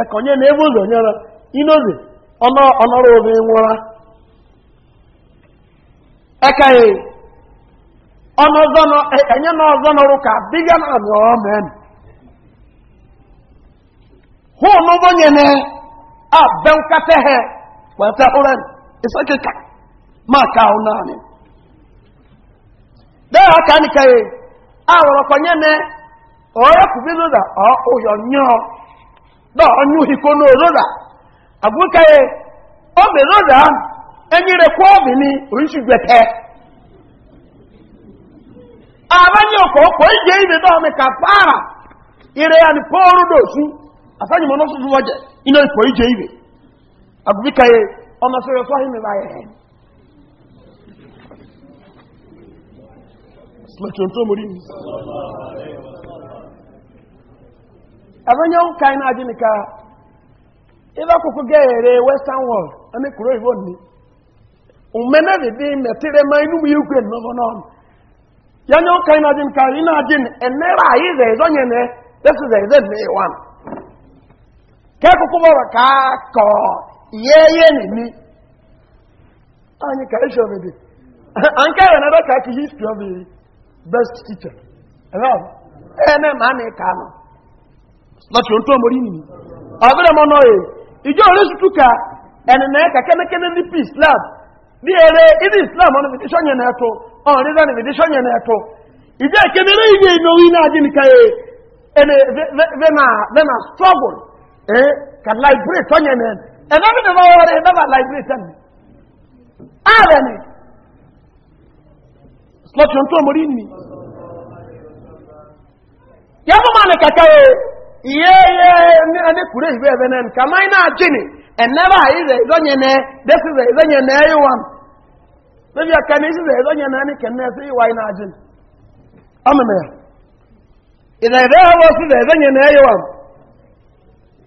eka onye na-ebe ụzọ nyara inu ụzọ ọnọrọ ụzọ nwụra eka e ọnụ ụzọ nọ enye na ọzọ nọrụ ka biga na ọzọ ọmụ hóònù a nyẹ nẹ abẹ́nkátẹ́ hẹ wẹ́tẹ́ ọ̀rẹ́ ìsẹ́kẹ̀kà máa ka ọ ah, náà ah, ni. bẹ́ẹ̀ ọ̀ka nìkan yìí àwòrọ̀kọ̀ nyẹ nẹ ọ̀rẹ́ kùbí lóda ọ̀ ọ̀yọ̀ nyọ́ dọ̀ ọ̀nyú ìkó náà lóda àgùnkà yìí ni ire ya ni asanyi mọ n'ọsọ fún wọjẹ iná ìpọ̀ ìjẹ ìwé àbúbí ọmọ sọ̀rọ̀ fún ahìmì ẹ̀ western world ẹni kúrò ìwọ̀n ni òmẹ́nà dìde mẹ̀tẹ́rẹ́ máa inú mi ukraine lọ́wọ́ náà yẹ́nyẹ́wò kàí náà jí nìka iná jí ẹ̀nẹ́rà ayé rẹ̀ ìzọ́nyẹ̀nẹ́ lẹ́sùn rẹ̀ ìzẹ́ kẹ́kùkú bọ̀rọ̀ káàkọ̀ yẹ́yẹ́ nìmi ọ̀nyíká iṣẹ́ òmìnir an kẹ́rẹ̀ na dọ́kà ka history of best teacher ẹ̀rọ̀m ẹ̀ẹ́nẹ́ máa ní kàánù lọ́tí ohun tó mọ̀rí nìmi ọ̀bẹ̀rẹ̀ mọ́nà ẹ̀ ìjọ orí sùtúkà ẹ̀nìyàn kàkẹ́nẹ́kẹ́nẹ́ ní peace lab bí eré ilé islam struggle eh ka librate onye na ebe m dị n'ọrụ ebe ma librate m abe ni slọtụ ntụ ya bụ ma kaka ndị kwuru ehibe ebe na nka ma na-ajị ni enebe na desize izonye na ịwa na isize na anyị na-ajị ọmụmụ ya ịze na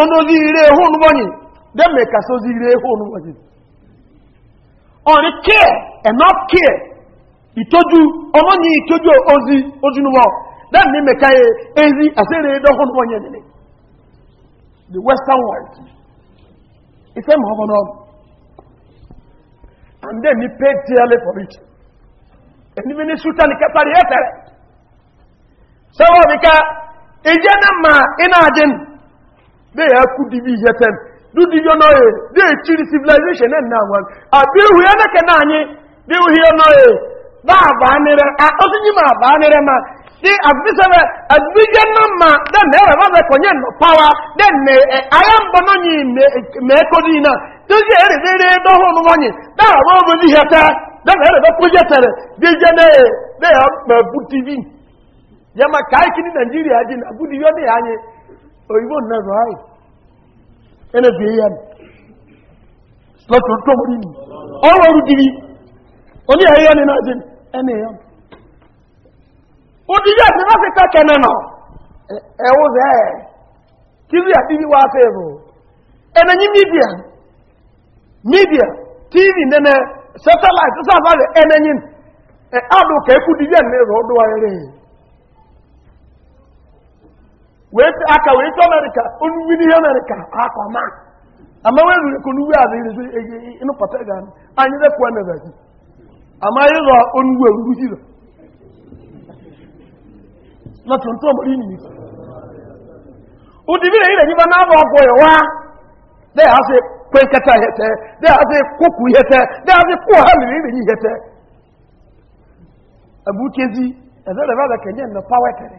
ono zire hun dem me ka so zire hun wani on kee enough itoju ono itoju ozi ojunu dem ka ezi asere do hun wani ne the western world ife and then he paid dearly for it ẹni mi ni sultan kẹtàrí ẹfẹrẹ sọwọ́ mi ka náà ma ina ajé nù they are could be yet them do the you know they civilization and now one abi ah, hu ya na kana anyi they hu you know ba ba a ma ba ma they advisable na ma them they were not no power me uh, uh, i am bono ni me ko di na to je ere ere do hu no wonyi ba di ko de je ne bu tv nigeria na di yo òyìnbó náà rọ àì ẹnẹ́ fi èyà nì lọ́tọ̀ tó mú nínú ọ̀rọ̀ ọ̀rọ̀ gidi oní ẹ̀yà ni náà jẹ́ ẹnẹ́ yọ òdìdí àti láti kẹ́kẹ́ nínú ẹ̀wọ́ rẹ̀ kiri àti wíwá fẹ́ẹ̀rù ẹnẹ́ yí mídíà mídíà tv nẹ́nẹ́ satellite sáfà rẹ̀ ẹnẹ́ yí adùn kẹ́kù dìbí ẹ̀nẹ́ rọ̀ ọdún ayẹrẹ́ yìí wete aka wete amerika onuwe n'ihe amerika akọ ma ama wee ruru konuwe a na-erezo ịnụ pata ga anyị rekwa nebazi ama ịrọ onuwe ruru hiro na tuntun ọmọ Ụdị nìyí udibire yi na n'abọ ọgwụ ịwa dị ya asị kwe nkata ihe tẹ dị ya asị kụkụ ihe tẹ dị ya asị kụọ ha liri ịrịnyi ihe tẹ abukezi ẹzẹ rẹ bá bẹ kẹnyẹ nnọpa wetere.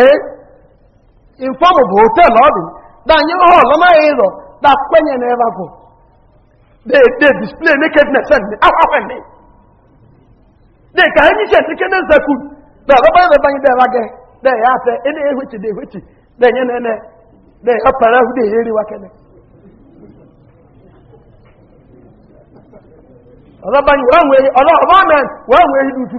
ee infọm bụ hotelu ọ dị danye họl anaghị ịzọ da kwenye na ebe bụ de display nakedness ndị akwakwe ndị dị ka anyị si esike na na ọgbaba ya banye de ebe gị ya ate ịna ehwechi na ene de ya pere ahụ de ya eri wakene ọzọ banye wee nwee ọrụ ọba mee ọrụ dị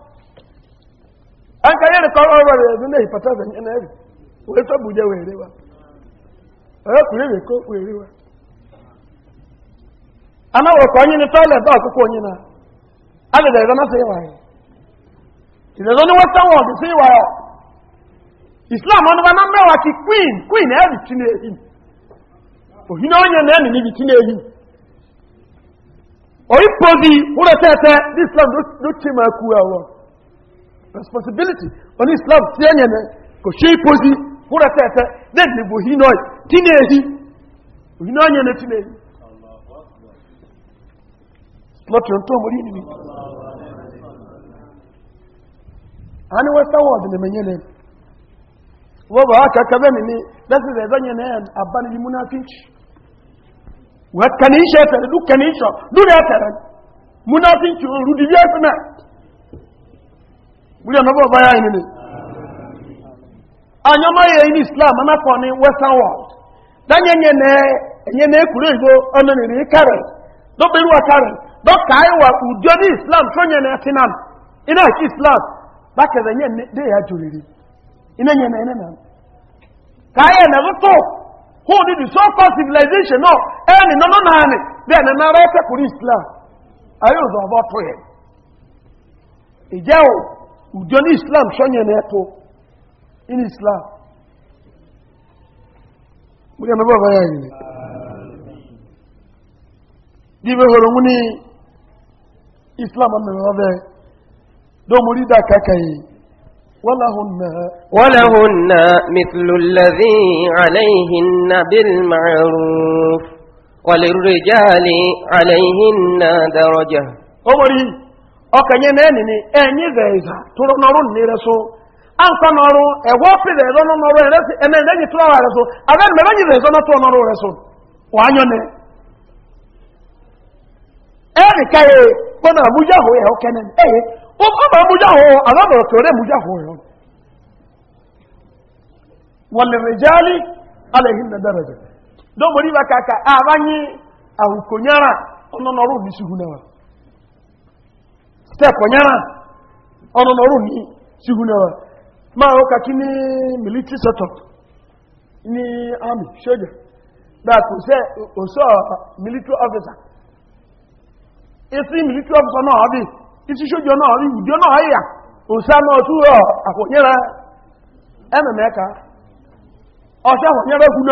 aka yɛrɛ kɔrɔ ɔbɛrɛ yɛ ne hipata bɛ na n'ɛri o yɛ sɔbu wa ɔyɛ kure bɛ wa ana ba na wa yɛ wɔsɛn wɔ ɔdi se wa yɛ islam ɔni wa n'amɛ wa ki queen queen ti na ehi ohun ɔnyɛ n'ɛni ni na ehi oyi pozi wúlò tẹ́tẹ́ ní islam ló ti ku responsibility oní islam tí ẹ̀yẹ̀ náà kò ṣe ìpòsí fúnra tẹ́ẹ̀tẹ́ lẹ́gbẹ̀ẹ́ bò hínà tí ní èyí òhínà yẹn ní tí ní èyí lọ́tún tó mọ̀rí nìí a ní western world ní mẹ́yẹn ní wọ́n bọ̀ aka kẹfẹ́ mi ní lẹ́sìn rẹ̀ zanyẹ náà abánilí munafici wẹ́ kàníṣẹ́ tẹ̀rẹ̀ dúkàníṣọ́ dúrẹ́ tẹ̀rẹ̀ munafici rúdìrí Buri ọ̀nà bọ̀ báyá yìí ni. Ànyọ́ máa yẹ Western world. Dányẹ́ nyẹ nẹ́ ẹ̀yẹ nẹ́ kúrò ìgbó ọ̀nà nìrí kẹrẹ̀. Lóbìnrin wà kẹrẹ̀. Dọ́kà àìwà ùjọ ní Islam Islam bákẹ̀rẹ̀ nyẹ nẹ́ dé ìyájò rírì. na nyẹ ka nàm. the so called civilization e ujo ni islam sonye na eto in islam mo ya baba ya ni di be horo muni islam an na be do mo ri da kakai ولهن ولهن مثل الذي عليهن بالمعروف وللرجال عليهن درجة أمري ọkànye na-enini enyi zaiza tụrụ n'ọrụ nnere so anka n'ọrụ ẹwọ pịrị ẹzọ n'ọrụ ẹrẹsị ẹnẹ ẹnyi tụrụ ọrụ so abẹni mẹrẹ enyi zaiza n'ọtụ n'ọrụ rẹ so wanyọ ne ẹni kaye na abuja hụ ya ọkẹ nẹ ẹyẹ ọba abuja hụ alábọrọ kẹrẹ abuja hụ ya wọlẹrẹ jaali alẹhi na daraja dọbọrị bá kaka abanyi ahukonyara ọnụ n'ọrụ isi hụ na wa. tẹ́ẹ̀kọ̀nyára ọ̀nà ọ̀rọ̀ si ṣígúnnáwà máa ó ni military setup ní soja ṣọ́jà dákò sẹ́ militri officer militri military officer náà rí ìsí ṣọ́jà náà rí ìjọ náà yà òṣà náà túrọ̀ àkọ̀nyára ẹnà mẹ́ka ọ̀ṣẹ́ àkọ̀nyára ogun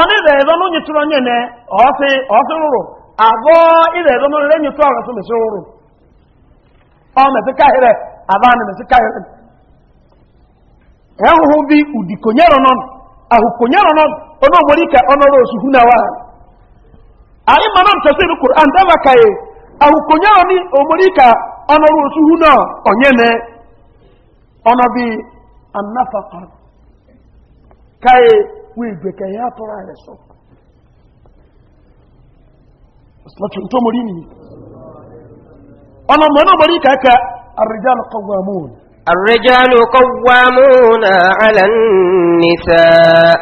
ọ̀nà ìrẹ̀ ẹ̀zọ́ ló nyìtúrọ na ẹ̀nẹ́ ọ̀ọ́sí rúrù àbọ́ ìrẹ̀ ẹ̀zọ́ ló rẹ̀ nyìtúrọ rẹ̀ fún mẹ̀sí rúrù ọmọ ẹ̀sí káyẹ̀rẹ̀ àbáni mẹ̀sí káyẹ̀rẹ̀ ẹ̀hùhù bí ùdìkònyẹ̀rọ̀ nọ àhùkònyẹ̀rọ̀ nọ onóborí kẹ oṣù wà náà ní kẹ oṣù anáfàkà ويجيكي يا ترى يا انا ما انا الرجال قوامون الرجال قوامون على النساء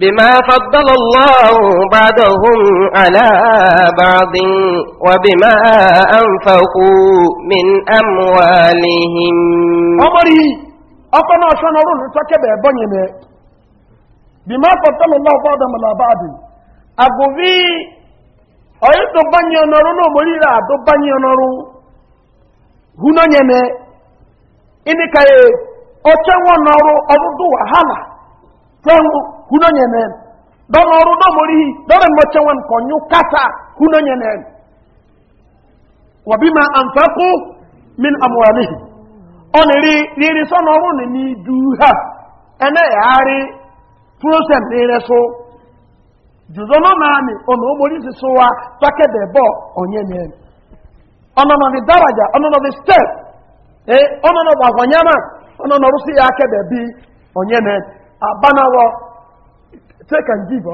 بما فضل الله بعضهم على بعض وبما انفقوا من اموالهم أمري افنى شنو نتكبه بنيمه bima fattala Allah ba'da ma ba'di agovi oyi to banye onoru no morira do banye onoru huno nyene ini kaye wahala tangu huno nyene do noru do morihi kata huno nyene wa min amwalihim process na so jùzọ́nà máa mi ọ̀nà omori so wa pákẹ́dẹ̀ bọ̀ ọ̀nyẹ́ yẹn ọ̀nà nọ̀ ní step ọ̀nà nọ̀ wà ya kẹ́dẹ̀ bi ọ̀nyẹ́ yẹn take and give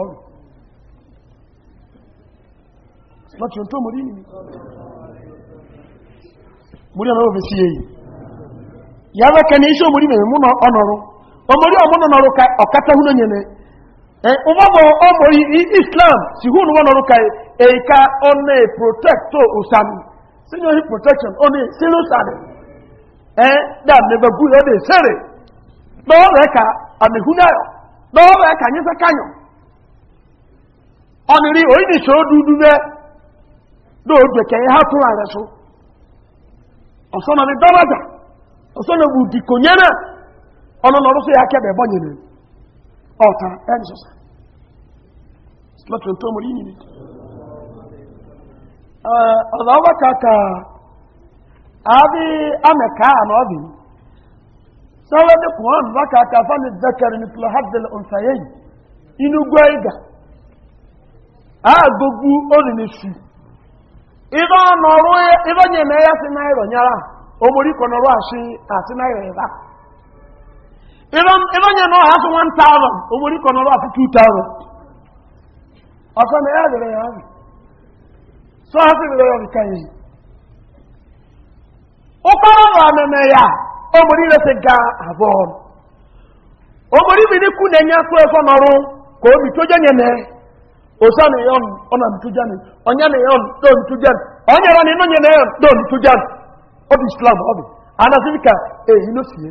tó nìyí yàrá omori omono na ruka okata huno nyene eh umabo omori islam si huno wono ruka e eh, ka onne protecto usam sinyo hi protection onne silo sare eh da me bagu yo de sere do reka amehuna yo do reka nyesa kanyo oniri oyi ni so dudu be do gbeke ha to ara so osona ni daraja osona bu dikonyana ọnụ nọrọ so ya aka ebe bọnyere ọta ẹnjọs slọtụ ntọmụrụ inyi ni ọzọ ọgbaka ka adị ameka na ọ dị sọlọ dị kwụọ nzọ ka aka fani zakari ni plahadil onsayeyi inugwu ịga agogbu olu na esu ịba nọrọ ịba nye na ya si naịrọ nyara omori kọ nọrọ asị asị naira ịba ịbanye na ọha so 1000 omori kọnọrọ afọ 2000 ọsọ na ya dere ya ahụ so ha sịrị ya nke anyị ụkọrọ bụ ya omori resi gaa abụọ omori bi n'ikwu na-enye akụ nọrụ ka obi tụje nye na na ya ọ na ntụje na onye na ya onye ra na na ya ọ dị islam ọ ka n'osie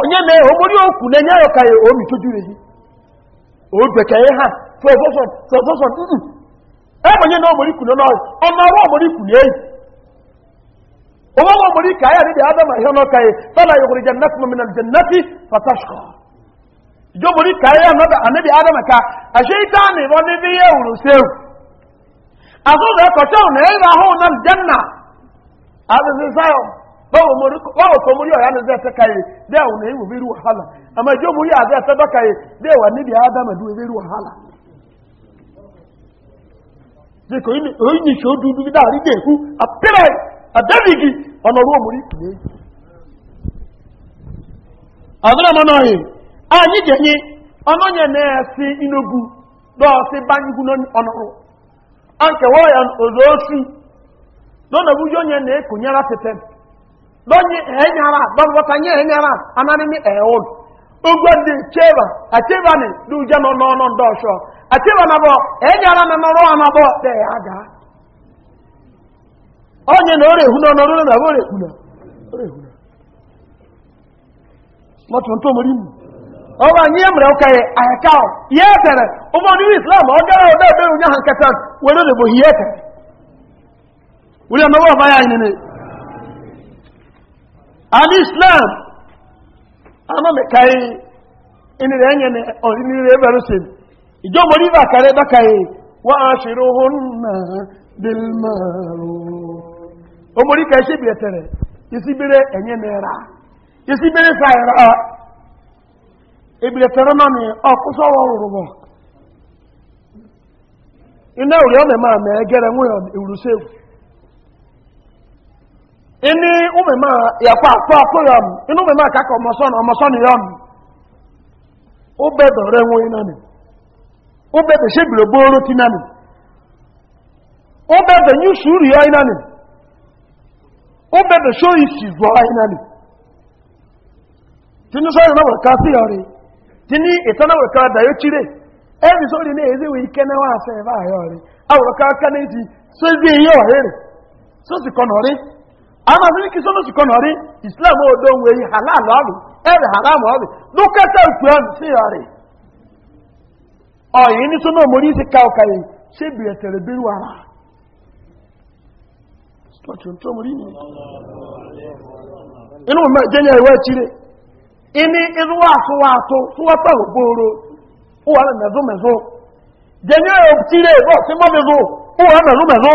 onye na-ehe omori okwu na-enye ya ka ya omi juru júre yìí ha sọ̀sọ̀sọ̀ e na omori kù náà ọmọ ọwọ́ omori kù ní èyí owó ọmọ omori ka áyà adama ihe ọ̀nà kàyè tọ́lá yòkòrò jannati mọ̀mìnà jannati fatashkọ ìjọ omori kà áyà níbi adama ka àṣẹ ìta ni wọn níbi ihe òrò sẹ́wù àtúntò na janna báwo kò mórí ọ̀yá náà zẹ́ẹ̀tẹ́ káyé dẹ́wọ̀n ní ìwò bíru wàhálà àmà ìjọ mórí àzẹ́ẹ̀tẹ́ bá káyé dẹ́wọ̀n níbi ádámẹ̀dú bíru wàhálà díkò oyin dúdú àpẹẹrẹ àdẹ́bìgì ọ̀nà àdúrà yìí jẹ̀yìn yẹn báyìí yẹn lọ́nà yẹn tẹ̀tẹ̀ donye henyara don watanye henyara anani mi ehon ugwadi cheva acheva ni duja no no no ndosho acheva na bo henyara na noro ana bo de aga onye na ore huno na ore huno ore huno mọtò ntọ mọrí mu ọba nyi o islam ya and islam ama mekae ene enyere enye ne ori ni ebe rusi ijo mo ri ba kare ba kae wa ashiruhun bil ma'ru o mo ka se bi etere isibere enye ne ra isibere sa e ra e bi etere ma mi o ku so wo ru bo ina uri o me ma me gere ini umema yakwa akpọ akpọ ya m ini umema ka ka ọmọsọ na ọmọsọ na ya m ubedore nwe nani ubede shebiro boro ti nani ubede nyi suru ya nani ubede so isi zuwa ya nani tini so ya nawe kasi ya ri tini ita nawe ka da yo chire ebi so ri na eze we ike na asa ebe a ya ri awuro ka aka na iti so ezi ihe ohere so si kọ n'ọrị. ama mi kí sọ́nà sì kọ́nà rí islam odò ń wèyí halal ọ̀rì ẹ̀rẹ̀ haram ọ̀rì lókẹ́tẹ̀ ìpìlẹ̀ sí ọ̀rì ọ̀yìn ní sọ́nà mọ̀ ní sí káọ̀ká yìí ṣé bìrẹ̀ tẹ̀rẹ̀ bírú ara inú jẹ́yẹ ìwẹ́ ìchire iní irúwà súwàtó súwàtọ̀ gbòòrò ó wà lẹ́mẹ̀zó mẹ̀zó jẹ́yẹ ìchire ìbọ̀ sí mọ́ mẹ́zó ó wà lẹ́mẹ̀zó mẹ́zó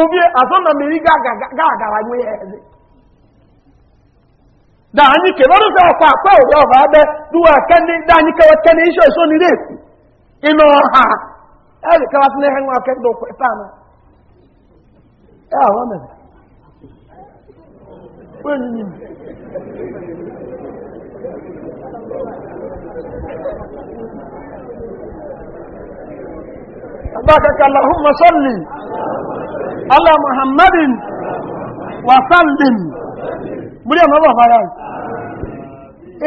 obi asọ na mmiri ga-agara nwe ya eze da anyị kewara ụzọ ọkwa akwa ụrị ọba abe duwa kendi da anyị kewa kendi ishi eso n'ire ekwu ịnọ ha ebe kewa tinye ha nwa kendi ụkwa ịta anọ ya ahụ mere onye yi Abaka kallahumma salli Ala Muhammadin wasallin Muryan Allah Faraz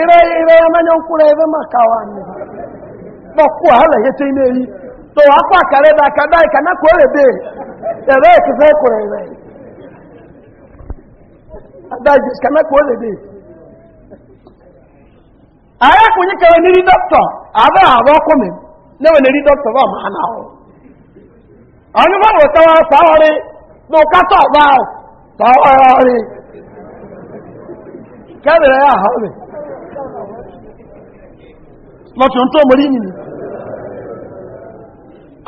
ire irai manyan kura ebe makawa ne ba ku hala yace ne yi to akwa kare da ka dai ka na ko rebe ebe ki sai kura ebe dai ka na ko rebe Aya kunyi ka ni doctor aba aba ọ̀nùmọ̀wò tọwọ́ sọ́ọ́rí ló kátọ̀ bá sọ́ọ́rí kẹ́bẹ̀rẹ̀ yà hàn rẹ̀ lọ́tún tó mọ̀rí nìyí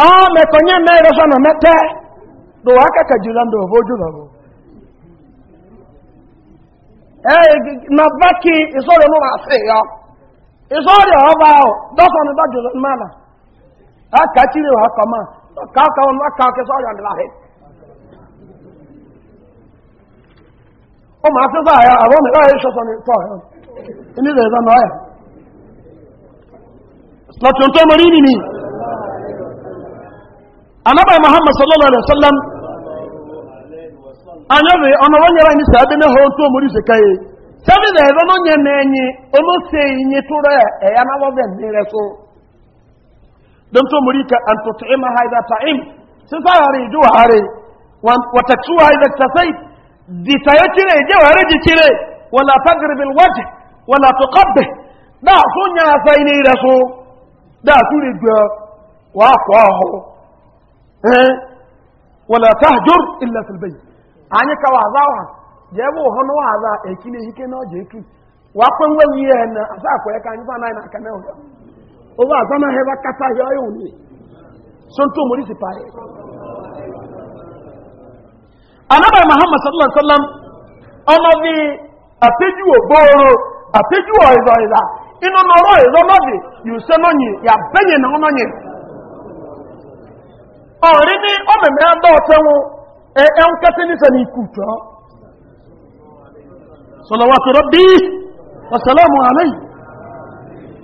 ọ mẹ́kànnì mẹ́rin sọ́nà mẹ́tẹ́ ló wà kẹ́kẹ́ jùlọ ndò fojú na nàbákì ìsọ́rọ̀ ló wà sí yọ ìsọ́rọ̀ ọba ọ kaka wọn aka kẹ sọ ọyọ ndìlá rẹ ọmọ afẹ́fẹ́ àyà àwọn mẹ́ta yẹ ya ní tọ́ ẹ̀ ní ilẹ̀ ìzọ́nà ọ̀yà lọ́tún tó mọ̀rí nìní anábà muhammad sallallahu alaihi wasallam anyọ́rẹ̀ ọmọ wọn yẹra ní sàábẹ́ ní ọ̀hún tó mọ̀rí sí káyé sẹ́mi ilẹ̀ ìzọ́nà yẹn ní ẹni olóṣèyí tó rẹ̀ so don to muri ka an tut'ima ha idza ta'im sun fara re ju hare wa tatsu ha idza tasai di tayo cire je hare ji cire wala tadrib al wajh wala tuqabbih da sun ya sai ne raso da su re ju wa kwa ho eh wala tahjur illa fil bayt anyi ka wa za wa je bo hono wa za e kine hike no je tu wa kwen wa yi na asa ko ya kan fa na na kan na owó àgbọ́nà ẹwà kátà yọ ẹ̀hùn ní sọ́ntọ́ mọ̀rí sí parí anábẹ̀ muhammad sallallahu alaihi wasallam ọmọ bí àpéjú ògbóòrò àpéjú ọ̀ìzọ̀ ìlà inú nọ̀rọ̀ ìzọ́ lọ́dì yùsẹ́ lóyìn yà bẹ́yẹ̀ náà lọ́yìn ọ̀rí ní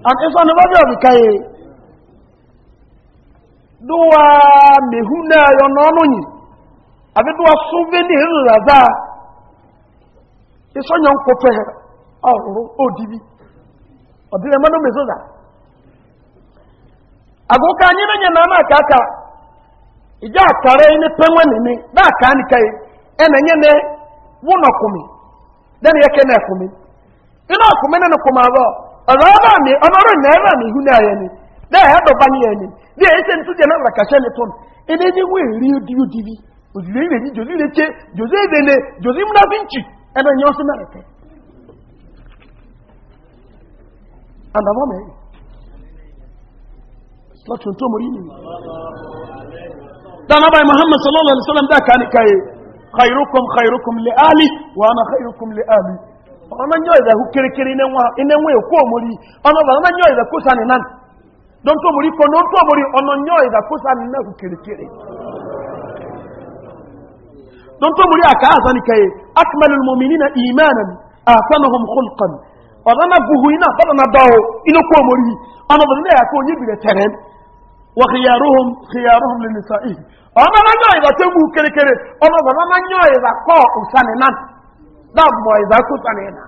and if anybody of kaye duwa mehuna yo nono yi abi duwa suve ni raza iso nyon ko fe ọrụ ah, odibi oh, oh, ọdịrị mmanụ mezoza agụka anyị menye na ama aka aka ije akara ene penwe n'eme na aka anika ye enenye ne wụnọ kumi dene ya kene kumi ina kumi na kuma abụọ ọ̀rọ̀ ọba mi ọlọ́rọ̀ náírà mi ihu náà yẹn ni bẹ́ẹ̀ ẹ̀ dọ̀bá ni yẹn ni bí èyí ṣe ń túnjẹ náà ràkàṣẹ́ ni tún ilé ní wọ́n èrí odiri òdìrí rẹ̀ ní jòzí lè ṣe jòzí èdèlè jòzí múnáfíǹtì ẹ̀dọ̀ yẹn ọsẹ mẹ́rin tẹ́ àdàbọ̀ mẹ́rin lọ́tún tó mọ̀ yìí dáná báyìí muhammad sallallahu alaihi wasallam dáa kàní káyé khairukum khairukum li ali wa ana khairukum li ali ọmọ nyọ ìrẹ̀ hù kéré-kéré inẹ́wọ̀n èkó òmòrí ọmọ bàbá ọmọ nyọ ìrẹ̀ kó sáà nìnan don tó mòrí kọ́ tó mòrí ọmọ nyọ ìrẹ̀ kó sáà nìnan hù kéré-kéré don tó mòrí àkà àzánikaye akmalul mọ̀mìnì na imanan àfẹ́nahun hulkan ọ̀rọ̀ na buhu iná bọ́dà na dọ́wọ́ inú kó mòrí ọmọ bàbá náà kó yí bìrẹ̀ tẹ̀rẹ̀ wọ́n kìyàrúhùn kìyàrúhùn lè nìsa ìhì ọmọ bàbá nyọ ìrẹ̀ tó mú kéré-kéré ọmọ bàbá nyọ dààmú ẹ̀dá kúta ní ẹ̀nà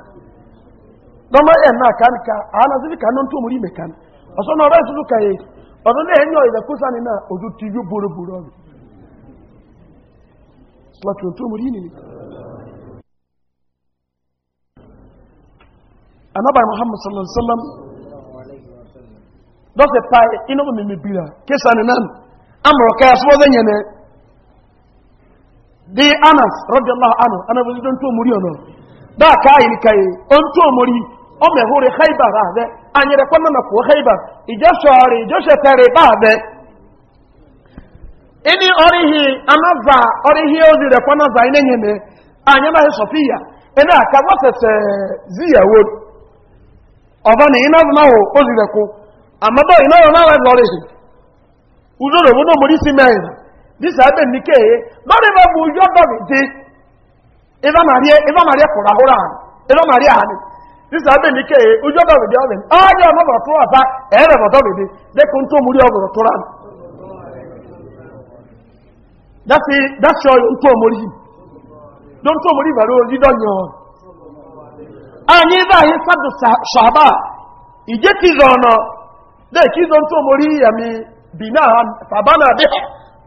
dọ́mọ ẹ̀nà kánká àánà sí ká tó múrí mẹ́kan ọ̀sán ọ̀rẹ́ ìtútù kàyé ọ̀dún ní ẹ̀yàn ẹ̀dá kúta ní náà ojú ti yú bóróbóró rẹ̀ slọ́tún tó múrí nìyí anábà muhammad sallallahu wa sallam dọ́sẹ̀ pa inú mi mi bira kí náà di anas radiyallahu anu ana bi don to muri ono da kai ni kai on to muri o me hore khaybar ahbe anyere kwanna na ko khaybar ijo shori ijo shekare babe ini orihi anaza orihi ozire kwanna za inenye me anya na sofia ene aka wasese ziya wo oba ni ina na wo ozire ko amado ina na wa lori udoro bo no muri si mera disabe nike lórí bá bu yọ́dọ̀ mi dé eva marie eva marie kura hura eva marie hani disabe nike ojọ́dọ̀ mi dé ọ̀rẹ́ ọjọ́ ọmọ bọ̀ tó ọ̀fà ẹ̀rẹ̀ bọ̀dọ̀ mi dé lẹ́kùn tó mú rí ọgbọ̀rọ̀ tó rán dáfi dáṣọ tó mú rí ló ń tó mú rí ìbàrú orídọ̀ yàn ààyè ibà yìí sádùn ṣàbà ìjẹ́ kí rọ̀ ọ̀nà lẹ́ẹ̀kí ló ń tó mú rí ẹ̀mí bìnà fàbánà bẹ́ẹ̀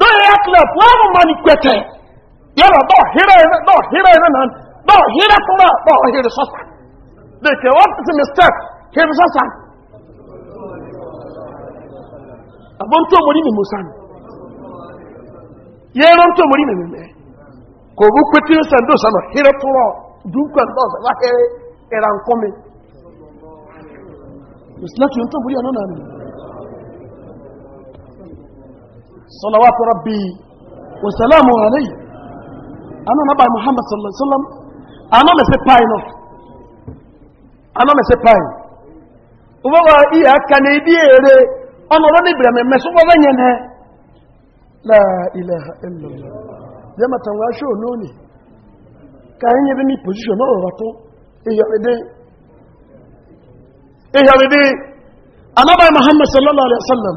lórí atlẹt wọn mọ ní pẹtẹ yọrọ bọ hírẹ ẹni bọ hírẹ ẹni nan bọ hírẹ kúrẹ bọ hírẹ sọsà dèkè wọn ti mistake hírẹ sọsà. àbọ̀ ntọ́ mọ̀ ní mímú sani yẹ́rọ ntọ́ mọ̀ ní mímú mẹ́ kò bú pété sando sanu hírẹ kúrọ dúkọ̀ ndọ́sọ̀ wá hírẹ ẹ̀rọ nkọ́mi. mùsùlùmí ntọ́ mọ̀ ní ọ̀nà nàá nìyẹn. صلوات ربي وسلامه عليه أنا نبع محمد صلى الله عليه وسلم أنا مسيباي نف أنا مسيباي وبابا إيه كان يديري أنا راني بلا من مسوبة بنينها لا إله إلا الله لما تنواشو نوني كان يبني بوزيشن أو راتو إيه بدي إيه بدي أنا بقى محمد صلى الله عليه وسلم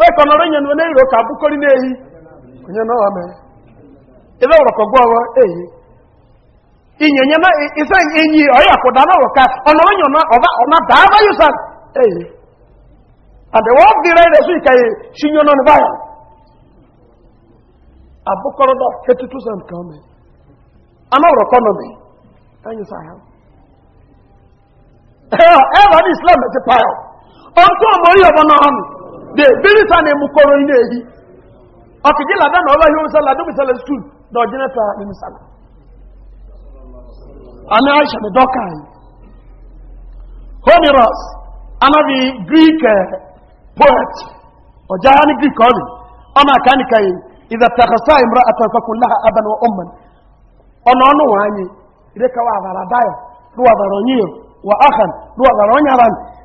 wekọnọrọ nye na onye ka abụkọrị na onye na ọwa mere ịza ụrọkọ gwa ọwa ehi inyenye na ịsa enyi ọya akwụda na ụrọka ọnọrọ nye na ọba ọna daa ba yusa ehi adịwa ọbịra ire su ika ya shinyo na ọnụba ya abụkọrọ dọ hetutu sam ka ọmee ana ụrọkọ nọ mee anyị sa ha ẹ ẹ wà ní islam ẹ ti pa ya ọkụ ọmọ yọbọ na ọnụ dey very sani mukoro ina ehi ọkìjì làdá nà ọlọ́hìn oṣù làdúgbò ìṣẹ̀lẹ̀ skul nà ọ̀jìnà ta nínú sàlẹ̀ àmì àìsàn ní dọ́kà yìí homeros anabi greek eh, poet ọjà ní greek ọ̀lì ọmọ àkànníkà yìí ìdàtàkàsá ìmúra àtàkùn láha abẹ́nu ọmọ ọ̀nà ọ̀nà wàá yìí ìdẹ́kàwà àbàrà báyọ̀ wa áhàn lúwàbàrà ọ̀nyàrà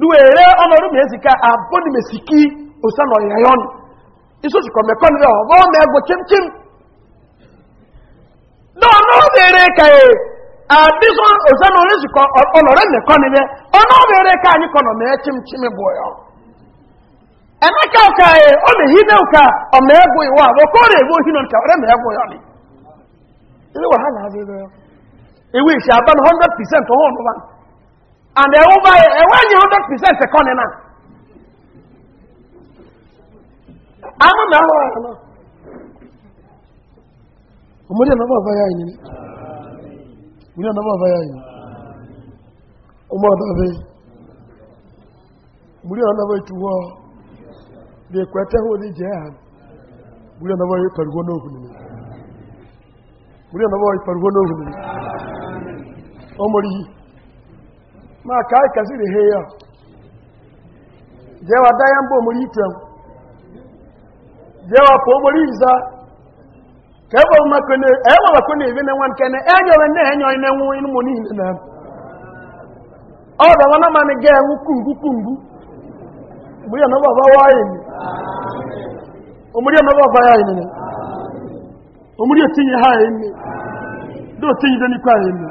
duwere ọnọdụ ma ezika abụọ na mesiki osa na ọyịa ya ọnụ iso jikọ na chimchim ọ bụ ka e adịzọ chim. na ọrịa jikọ ọnọdụ ọnụ ka anyị kọ nọ mee chimchim bụ ya emeka ụka ọ na ehi na ụka ọ ka ọ na-egwu ohi na ọrịa ma ya ọnụ ha na ebe isi 100% ọhụrụ and ẹ̀wọ́n báyìí ẹ̀wọ́n ẹ̀yìn hundred percent ẹ̀kọ́ ni náà àmọ́ mẹ́rin wọ́n ya náà ọmọdé ọ̀nàbọ̀ ọ̀fẹ́yà ya ni ọmọdé ọ̀nàbọ̀ ọ̀fẹ́yà yìí ọmọ ọ̀dọ́fẹ́ ọmọdé ọ̀nàbọ̀ ìtúwọ́ bí ẹ̀kọ́ ni ni ma ka ayi kasi de heya jẹwa dayan bo mori itẹun jẹwa po mori isa kẹfọ e ma kone ẹwọ e wa kone ebi nẹwọn kẹne ẹnyọ wẹ nẹẹ ẹnyọ inẹwọn na mo ní ìnana ọdọ wọn náà ni gẹẹ ń kúngú kúngú omori ọ̀nà ni ni ha ni ni ya.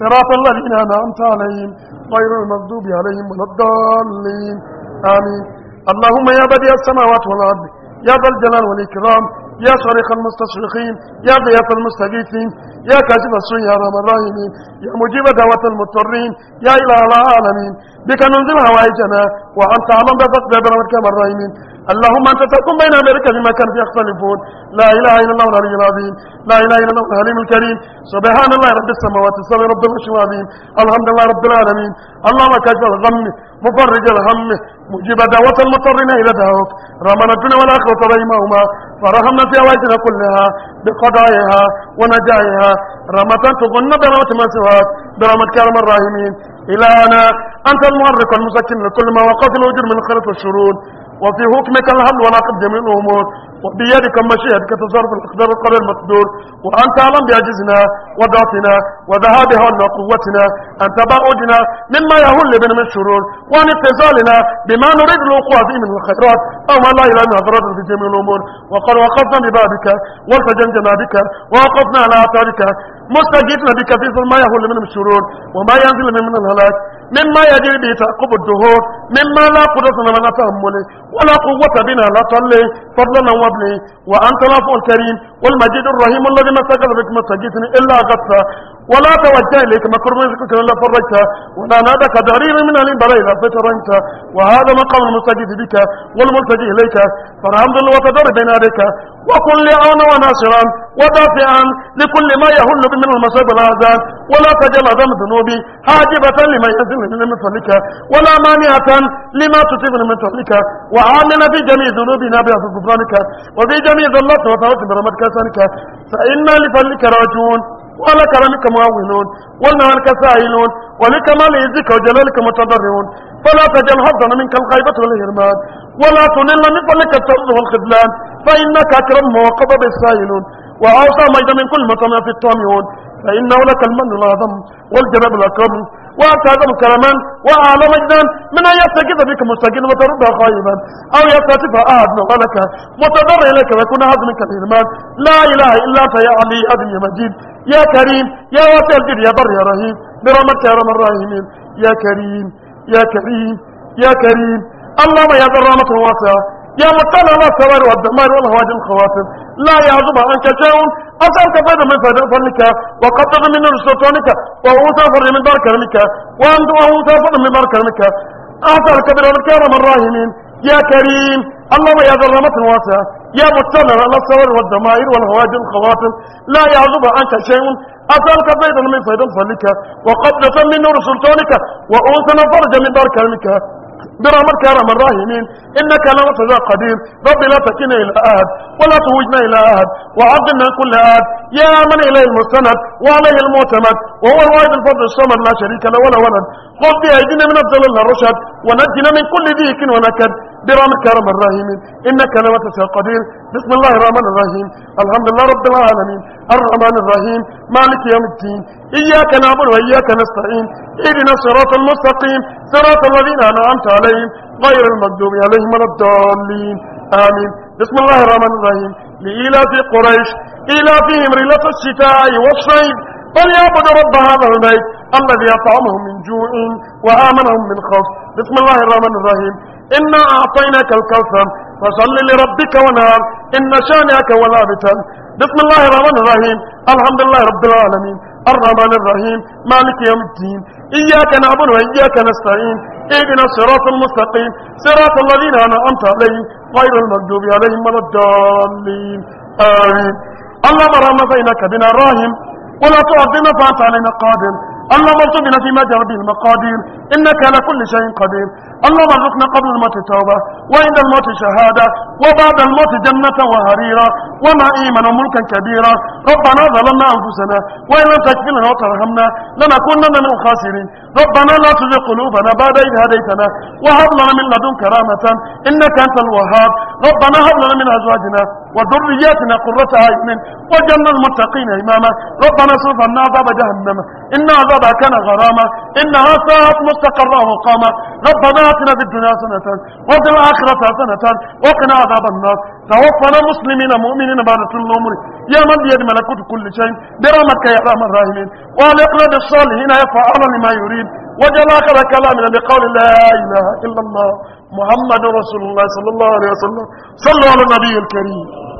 صراط الذين أنعمت عليهم غير المغضوب عليهم ولا الضالين آمين اللهم يا بديع السماوات والأرض يا ذا الجلال والإكرام يا صريخ المستصرخين يا ضياف المستغيثين يا كاشف السوء يا رب يا مجيب دعوة المضطرين يا إله العالمين بك ننزل هوائجنا وأنت أعلم بفضل برحمتك الراحمين اللهم انت تحكم بين امريكا فيما كانوا في يختلفون لا اله الا الله العلي العظيم لا اله الا الله الحليم الكريم سبحان الله رب السماوات السبع رب العرش العظيم الحمد لله رب العالمين اللهم كاشف الغم مفرج الهم مجيب دعوة المضطرين إلى دعوك رمنا الدنيا والآخرة بينهما فرحمنا في أوائتنا كلها بقضائها ونجائها رحمة تظن برحمة من سواك برحمة كرم الراحمين أنا أنت المؤرق المسكن لكل ما وقف الوجود من الخيرات والشرور وفي حكمك الهم والعقد من الأمور وبيدك مشيئتك تصرف الأقدار القدر المقدور وأنت أعلم بعجزنا وضعفنا وذهابها وقوتنا أن تباعدنا مما يهل بنا من الشرور وعن اتزالنا بما نريد الوقوع فيه من الخيرات أو ما لا إله إلا أضرار في جميع الأمور وقد وقفنا ببابك وارتجن جنابك ووقفنا على أعتارك مستجيبنا بكثير ما يحول من شرور وما ينزل من الهلاك مما يجري به تعقب الدهور مما لا قدرة لنا تحمله ولا قوة بنا لا تله فضلا وابني وأنت العفو الكريم والمجيد الرحيم الذي ما استكبر بك ما استجيتني إلا أغثى ولا توجه إليك ما كرمزك إلا فرجت ولا نادك دعير من أهل بلي إذا فترنت وهذا مقام المستجد بك والملتجي إليك فالحمد لله وتدر بين يديك وكن لعانا وناصرا ودافعا لكل ما يهل من المصائب والآذان ولا تجعل ذنب ذنوبي حاجبة لما يزل من مثلك ولا مانعة لما تصيب من مثلك وعامل في جميع ذنوبنا بأسف غفرانك وفي جميع ذلات وطاوات برمات سنك فإنا لفلك راجون وعلى كرمك معاونون والنهارك سائلون مالي عزك وجلالك متضرعون فلا تجل حظنا منك الغيبة والهرمان ولا تنل من فلك التعوذ والخذلان فإنك أكرم وقضى بالسائلون وعوصى ميدا من كل ما في الطامعون فإنه لك المن العظم والجباب الأكرم وأنت أعظم كرما وأعلى مجدا من أن يستجد بك مستجد وترد خائما أو يستشف أحد ولك وتضر إليك ويكون هذا منك الإيمان لا إله إلا أنت يا علي أبي مجيد يا كريم يا واسع الجد يا بر يا رهيم برحمتك يا رحم الراحمين يا كريم يا كريم يا كريم اللهم يا ذرامة واسعة يا مطلع الثوار والدمار والهواج الخواتم لا يعزب عنك شيء أسألك فائدة من فضلك وقطر من رسلتونك وهو سافر من دار كرمك وأنت وأوتى فضل من دار كرمك أعطاك برحمتك يا رب يا كريم اللهم يا ذا الرحمة يا مطلع على الصور والضمائر والهواج الخواتم لا يعزب عنك شيء أسألك فيدا من وقد وقطرة من نور سلطانك وأنت فرجا من دار كرمك درا كرم الراحمين انك لا تزا قدير رب لا تكلنا الى احد ولا توجنا الى احد وعظمنا كل احد يا من اليه المستند وعليه المعتمد وهو الوائد الفضل الصمد لا شريك له ولا ولد خذ بايدينا من الظلال الرشد ونجنا من كل ذيك ونكد برامك يا رب الرحيم انك لما تشاء قدير بسم الله الرحمن الرحيم الحمد لله رب العالمين الرحمن الرحيم مالك يوم الدين اياك نعبد واياك نستعين إذن الصراط المستقيم صراط الذين انعمت عليهم غير المغضوب عليهم ولا الضالين امين بسم الله الرحمن الرحيم لإيلاف قريش إيلافهم رلة الشتاء والصيد فليعبد رب هذا البيت الذي أطعمهم من جوع وآمنهم من خوف بسم الله الرحمن الرحيم إنا أعطيناك الكوثر فصل لربك ونام إن شانئك ولا بسم الله الرحمن الرحيم الحمد لله رب العالمين الرحمن الرحيم مالك يوم الدين إياك نعبد وإياك نستعين اهدنا الصراط المستقيم صراط الذين أنعمت عليهم غير المغضوب عليهم ولا الضالين آمين اللهم ارحمنا فإنك بنا راهم ولا تعذبنا فأنت علينا قادر اللهم ارزقنا فيما جرى به المقادير إنك على كل شيء قدير اللهم ارزقنا قبل الموت توبة وعند الموت شهادة وبعد الموت جنة وهريرة إيمانا ملكا كبيرا ربنا ظلمنا أنفسنا وإن لم تغفر لنا وترحمنا لنكونن من الخاسرين ربنا لا تزغ قلوبنا بعد إذ هديتنا وهب لنا من لدنك رحمة إنك أنت الوهاب ربنا هب لنا من أزواجنا وذرياتنا قرة أعين وجعلنا المتقين إماما ربنا صرف عنا عذاب جهنم إن عذابها كان غراما إنها ساءت مستقرا وقاما ربنا آتنا في الدنيا حسنة وفي الآخرة حسنة وقنا عذاب النار توفنا مسلمين مؤمنين بعد كل أمر يا من بيد ملكوت كل شيء برحمتك يا أرحم الراحمين وألقنا بالصالحين يفعل لما يريد وجل آخر كلامنا بقول لا إله إلا الله محمد رسول الله صلى الله عليه وسلم صلوا على النبي الكريم